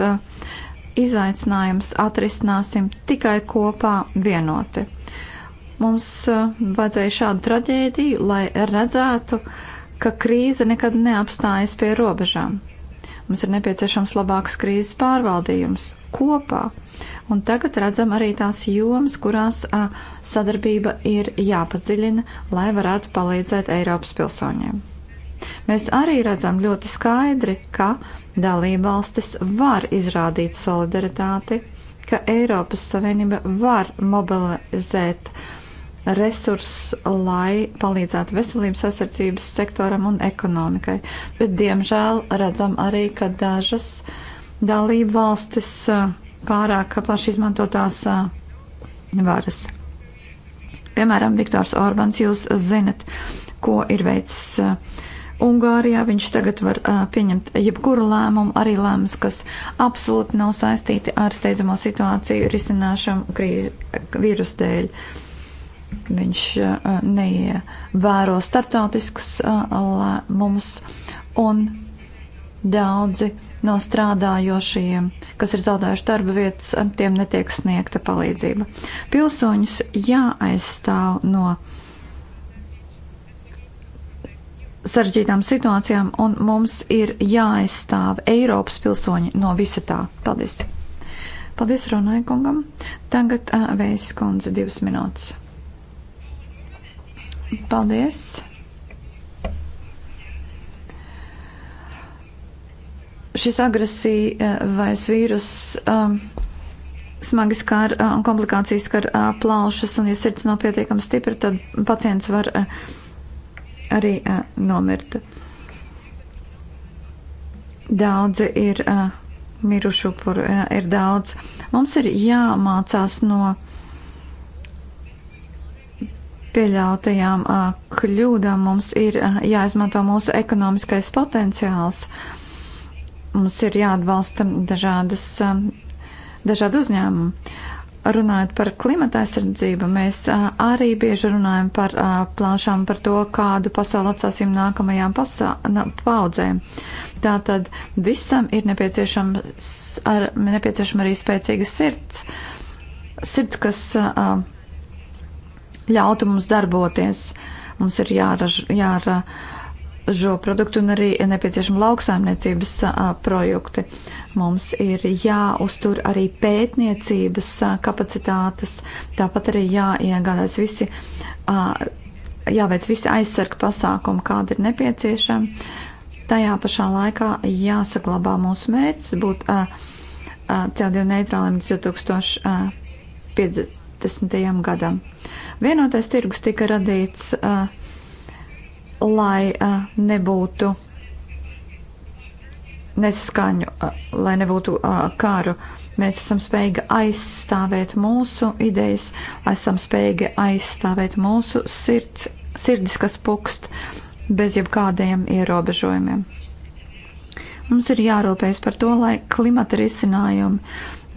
izaicinājumus atrisināsim tikai kopā vienoti. Mums vajadzēja šādu traģēdiju, lai redzētu, uh, ka krīze nekad neapstājas pie robežām. Mums ir nepieciešams labāks krīzes pārvaldījums kopā. Un tagad redzam arī tās jomas, kurās a, sadarbība ir jāpadziļina, lai varētu palīdzēt Eiropas pilsoņiem. Mēs arī redzam ļoti skaidri, ka dalībvalstis var izrādīt solidaritāti, ka Eiropas Savienība var mobilizēt uh, resursus, lai palīdzētu veselības aizsardzības sektoram un ekonomikai. Bet, diemžēl, redzam arī, ka dažas dalību valstis pārāk plaši izmantotās varas. Piemēram, Viktors Orbāns, jūs zinat, ko ir veicis uh, Ungārijā viņš tagad var uh, pieņemt jebkuru lēmumu, arī lēmumus, kas absolūti nav saistīti ar steidzamo situāciju risināšanu krīzes vīrusu dēļ. Uh, Viņš eh, neievēro starptautiskus eh, lēmumus un daudzi no strādājošiem, kas ir zaudējuši darba vietas, tiem netiek sniegta palīdzība. Pilsoņus jāaizstāv no sarežģītām situācijām, un mums ir jāaizstāv Eiropas pilsoņi no visa tā. Paldies! Paldies Ronai kungam! Tagad uh, Vējas kundze divas minūtes. Paldies! Šis agresīvais eh, vīrus um, smagi skar eh, un komplikācijas skar plaušas, un ja sirds nav pietiekami stipra, tad pacients var arī nomirt. Daudzi ir miruši upuri, ir daudz. Mums ir jāmācās no pieļautajām kļūdām. Mums ir jāizmanto mūsu ekonomiskais potenciāls. Mums ir jāatbalsta dažādas, dažādi uzņēmumi. Runājot par klimata aizsardzību, mēs arī bieži runājam par plāšām, par to, kādu pasauli atstāsim nākamajām pasā, na, paudzēm. Tātad visam ir nepieciešama ar, nepieciešam arī spēcīga sirds, sirds, kas uh, ļautu mums darboties. Mums ir jāraž, jāražo produktu un arī nepieciešama lauksaimniecības projekti. Mums ir jāuztur arī pētniecības kapacitātes, tāpat arī jāiegādās visi jāveic visi aizsarga pasākumi, kādi ir nepieciešami. Tajā pašā laikā jāsaglabā mūsu mērķis būt uh, uh, CO2 neitrāliem līdz 2050. gadam. Vienotais tirgus tika radīts, uh, uh, uh, lai nebūtu nesaskaņu, lai nebūtu kāru. Mēs esam spējīgi aizstāvēt mūsu idejas, esam spējīgi aizstāvēt mūsu sirds, sirdis, kas pukst bez jebkādiem ierobežojumiem. Mums ir jārūpējas par to, lai klimata risinājumi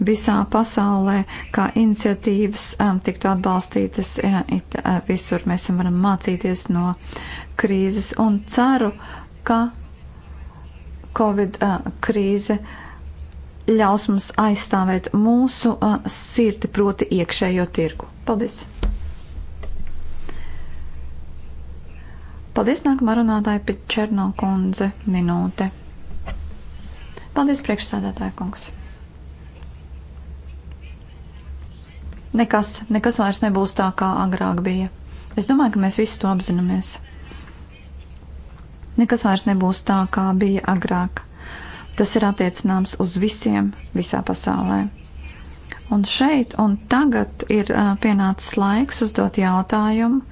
visā pasaulē, kā iniciatīvas um, tiktu atbalstītas. Ja, it, uh, visur mēs varam mācīties no krīzes un ceru, ka Covid uh, krīze ļaus mums aizstāvēt mūsu uh, sirdi, proti iekšējo tirgu. Paldies! Paldies nākamā runātāja Pičerno kundze minūte. Paldies priekšsādātāja kungs! nekas, nekas vairs nebūs tā, kā agrāk bija. Es domāju, ka mēs visi to apzināmies. Nekas vairs nebūs tā, kā bija agrāk. Tas ir attiecināms uz visiem visā pasaulē. Un šeit un tagad ir pienācis laiks uzdot jautājumu,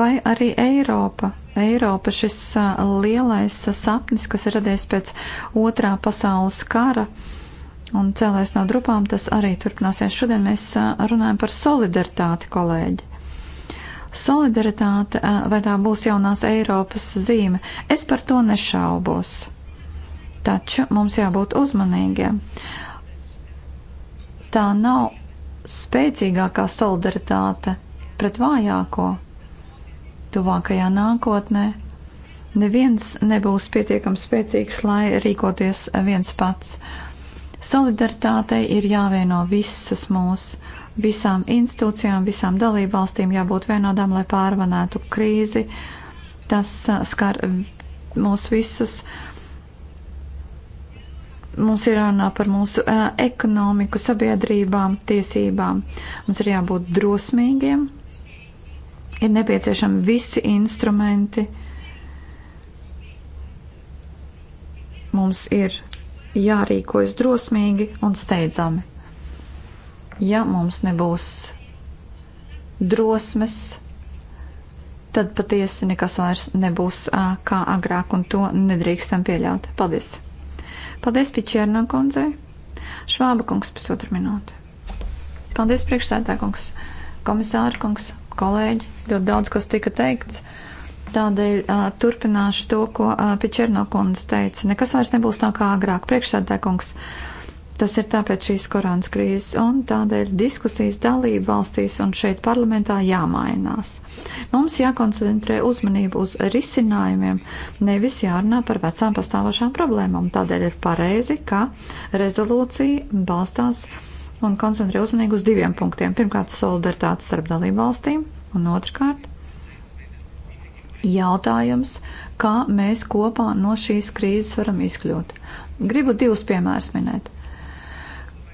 vai arī Eiropa, Eiropa šis lielais sapnis, kas ir radies pēc otrā pasaules kara, uh, un cēlēs no drupām, tas arī turpināsies. Šodien mēs runājam par solidaritāti, kolēģi. Solidaritāte, vai tā būs jaunās Eiropas zīme, es par to nešaubos. Taču mums jābūt uzmanīgiem. Tā nav spēcīgākā solidaritāte pret vājāko. Tuvākajā nākotnē neviens nebūs pietiekami spēcīgs, lai rīkoties viens pats. Uh, Solidaritātei ir jāvieno visus mūs, visām institūcijām, visām dalībvalstīm jābūt vienādām, lai pārvanētu krīzi. Tas skar mūs visus. Mums ir jārunā par mūsu ekonomiku, sabiedrībām, tiesībām. Mums ir jābūt drosmīgiem. Ir nepieciešami visi instrumenti. Mums ir jārīkojas drosmīgi un steidzami. Ja mums nebūs drosmes, tad patiesi nekas vairs nebūs kā agrāk, un to nedrīkstam pieļaut. Paldies! Paldies Pičērnam kundzei! Švāba kungs pusotru minūti. Paldies priekšsētā kungs, komisāra kungs, kolēģi, ļoti daudz kas tika teikts. Uh, Tādēļ uh, turpināšu to, ko uh, Pičerno kundze teica. Nekas vairs nebūs tā kā agrāk. Priekšsēdēkungs, tas ir tāpēc šīs korānas krīzes un tādēļ diskusijas dalība valstīs un šeit parlamentā jāmainās. Mums jākoncentrē uzmanību uz risinājumiem, nevis jārunā par vecām pastāvošām problēmām. Tādēļ ir pareizi, ka rezolūcija balstās un koncentrē uzmanību uz diviem punktiem. Pirmkārt, solidaritāte starp dalību valstīm un otrkārt Jautājums, kā mēs kopā no šīs krīzes varam izkļūt. Gribu divus piemērus minēt.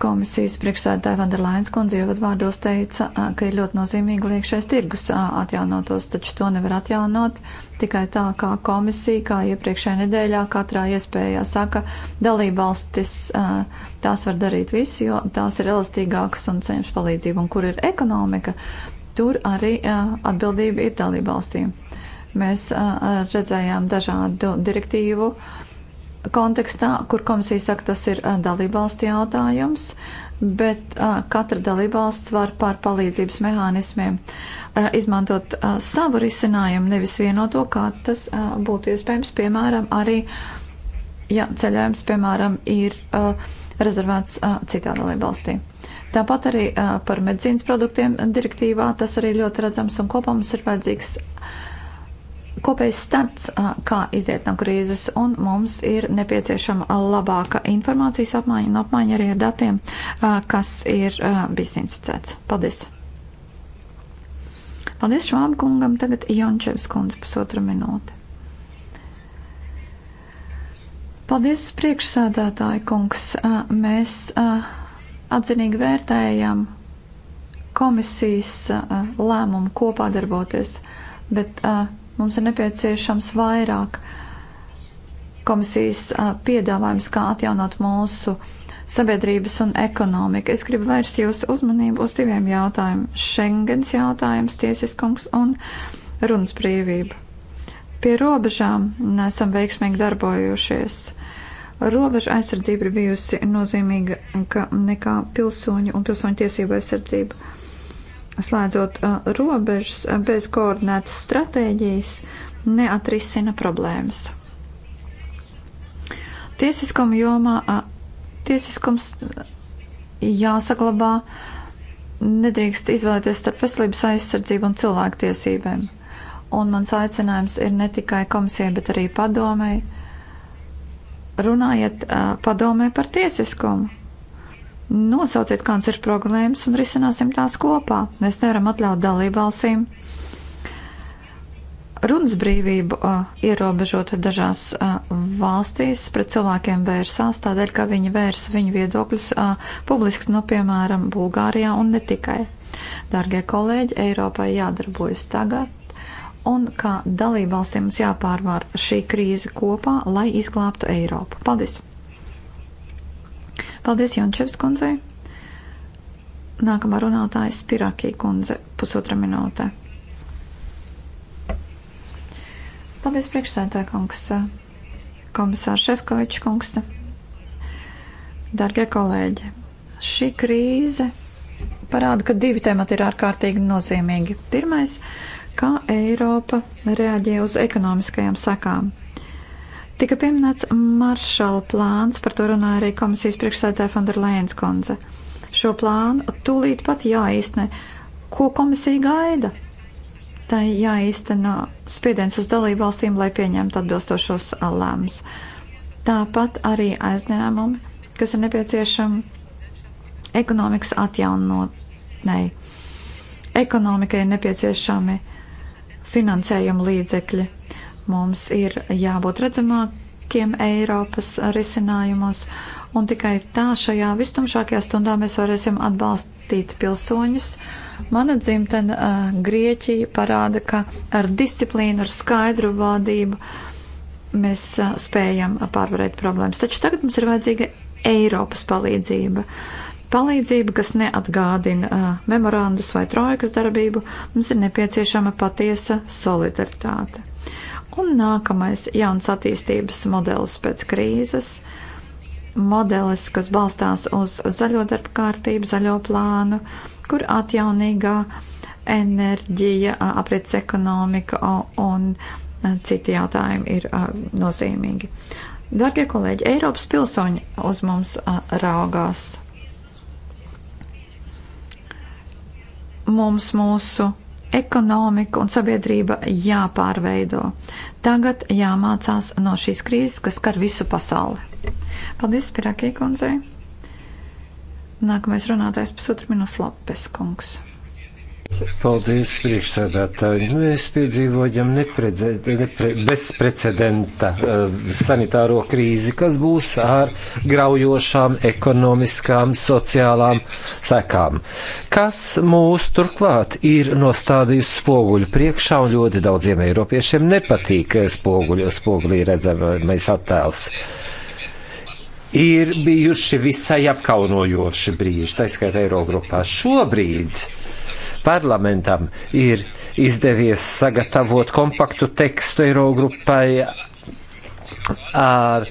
Komisijas priekšsēdētāja Vanderlains kundze ievadvārdos teica, ka ir ļoti nozīmīgi liekšais tirgus atjaunotos, taču to nevar atjaunot tikai tā, kā komisija, kā iepriekšējā nedēļā katrā iespējā saka, dalībvalstis tās var darīt visu, jo tās ir elastīgākas un ceņš palīdzību, un kur ir ekonomika, tur arī atbildība ir dalībvalstīm. Mēs redzējām dažādu direktīvu kontekstā, kur komisija saka, tas ir dalībvalstu jautājums, bet katra dalībvalsts var pār palīdzības mehānismiem izmantot savu risinājumu, nevis vienoto, kā tas būtu iespējams, piemēram, arī, ja ceļojums, piemēram, ir rezervēts citā dalībvalstī. Tāpat arī par medicīnas produktiem direktīvā tas arī ļoti redzams un kopā mums ir vajadzīgs kopējs starts, kā iziet no krīzes, un mums ir nepieciešama labāka informācijas apmaiņa un apmaiņa arī ar datiem, kas ir bijis inficēts. Paldies! Paldies Švāba kungam, tagad Jončevs kundze pusotra minūte. Paldies priekšsēdētāji kungs, mēs atzinīgi vērtējam komisijas lēmumu kopā darboties, bet uh, Mums ir nepieciešams vairāk komisijas piedāvājums, kā atjaunot mūsu sabiedrības un ekonomiku. Es gribu vērst jūsu uzmanību uz diviem jautājumiem - Schengens jautājums, tiesiskums un runas brīvība. Pie robežām nesam veiksmīgi darbojušies. Robeža aizsardzība ir bijusi nozīmīga nekā pilsoņu un pilsoņu tiesību aizsardzība slēdzot uh, robežas uh, bez koordinētas stratēģijas, neatrisina problēmas. Tiesiskuma jomā uh, tiesiskums jāsaglabā, nedrīkst izvēlēties starp veselības aizsardzību un cilvēktiesībēm. Un mans aicinājums ir ne tikai komisijai, bet arī padomēji runājiet uh, padomē par tiesiskumu. Nosauciet, kāds ir problēmas un risināsim tās kopā. Mēs nevaram atļaut dalībvalstīm runas brīvību uh, ierobežot dažās uh, valstīs, pret cilvēkiem vērsās tādēļ, ka viņi vērsa viņu viedokļus uh, publiski, no nu, piemēram, Bulgārijā un ne tikai. Dārgie kolēģi, Eiropai jādarbojas tagad, un kā dalībvalstīm mums jāpārvar šī krīze kopā, lai izglābtu Eiropu. Paldies! Paldies Jančevs kundzei. Nākamā runātāja Spirākī kundze, pusotra minūte. Paldies priekšsēdētāja kungs, komisārs Šefkovičs kungs. Dargie kolēģi, šī krīze parāda, ka divi temati ir ārkārtīgi nozīmīgi. Pirmais, kā Eiropa reaģē uz ekonomiskajām sakām. Tika pieminēts maršala plāns, par to runāja arī komisijas priekšsēdētāja Fonderlēns kundze. Šo plānu tūlīt pat jāīstenē. Ko komisija gaida? Tai jāīsteno spiediens uz dalību valstīm, lai pieņemtu atbilstošos lēmumus. Tāpat arī aizņēmumi, kas ir nepieciešami ekonomikas atjaunotnei. Ekonomikai ir nepieciešami finansējuma līdzekļi Mums ir jābūt redzamākiem Eiropas risinājumos, un tikai tā šajā vistumšākajā stundā mēs varēsim atbalstīt pilsoņus. Mana dzimtene eh, Grieķija parāda, ka ar disciplīnu, ar skaidru vadību mēs eh, spējam pārvarēt problēmas. Taču tagad mums ir vajadzīga Eiropas palīdzība. Palīdzība, kas neatgādina eh, memorandus vai trojkas darbību, mums ir nepieciešama patiesa solidaritāte. Un nākamais jauns attīstības modelis pēc krīzes - modelis, kas balstās uz zaļo darba kārtību, zaļo plānu, kur atjaunīgā enerģija, aprits ekonomika un citi jautājumi ir nozīmīgi. Darbie kolēģi, Eiropas pilsoņi uz mums raugās. Mums mūsu ekonomika un sabiedrība jāpārveido. Tagad jāmācās no šīs krīzes, kas skar visu pasauli. Paldies, Pirakī kundzei! Nākamais runātājs pusotru minūtes Lapes kungs. Paldies, priekšsēdētāji. Mēs nu, piedzīvojam nepredze, nepre, bezprecedenta uh, sanitāro krīzi, kas būs ar graujošām ekonomiskām, sociālām sekām, kas mūs turklāt ir nostādījusi spoguļu priekšā, un ļoti daudziem eiropiešiem nepatīk spoguļu, spogulī redzamais attēls ir bijuši visai apkaunojoši brīži, tā skaitā Eirogrupā. Šobrīd parlamentam ir izdevies sagatavot kompaktu tekstu Eirogrupai ar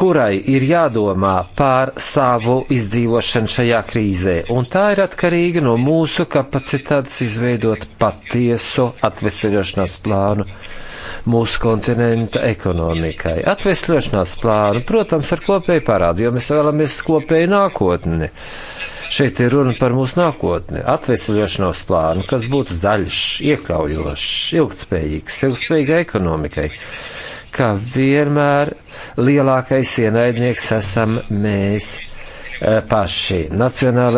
kurai ir jādomā par savu izdzīvošanu šajā krīzē, un tā ir atkarīga no mūsu kapacitātes izveidot patiesu atveseļošanās plānu mūsu kontinenta ekonomikai. Atvesļošanās plānu, protams, ar kopēju parādu, jo mēs vēlamies kopēju nākotni. Uh, Šeit ir runa par mūsu nākotni, atvesļošanos plānu, kas būtu zaļš, iekļaujošs, ilgtspējīgs, ilgtspējīgai ekonomikai ka vienmēr lielākais ienaidnieks esam mēs eh, paši. Nacionālais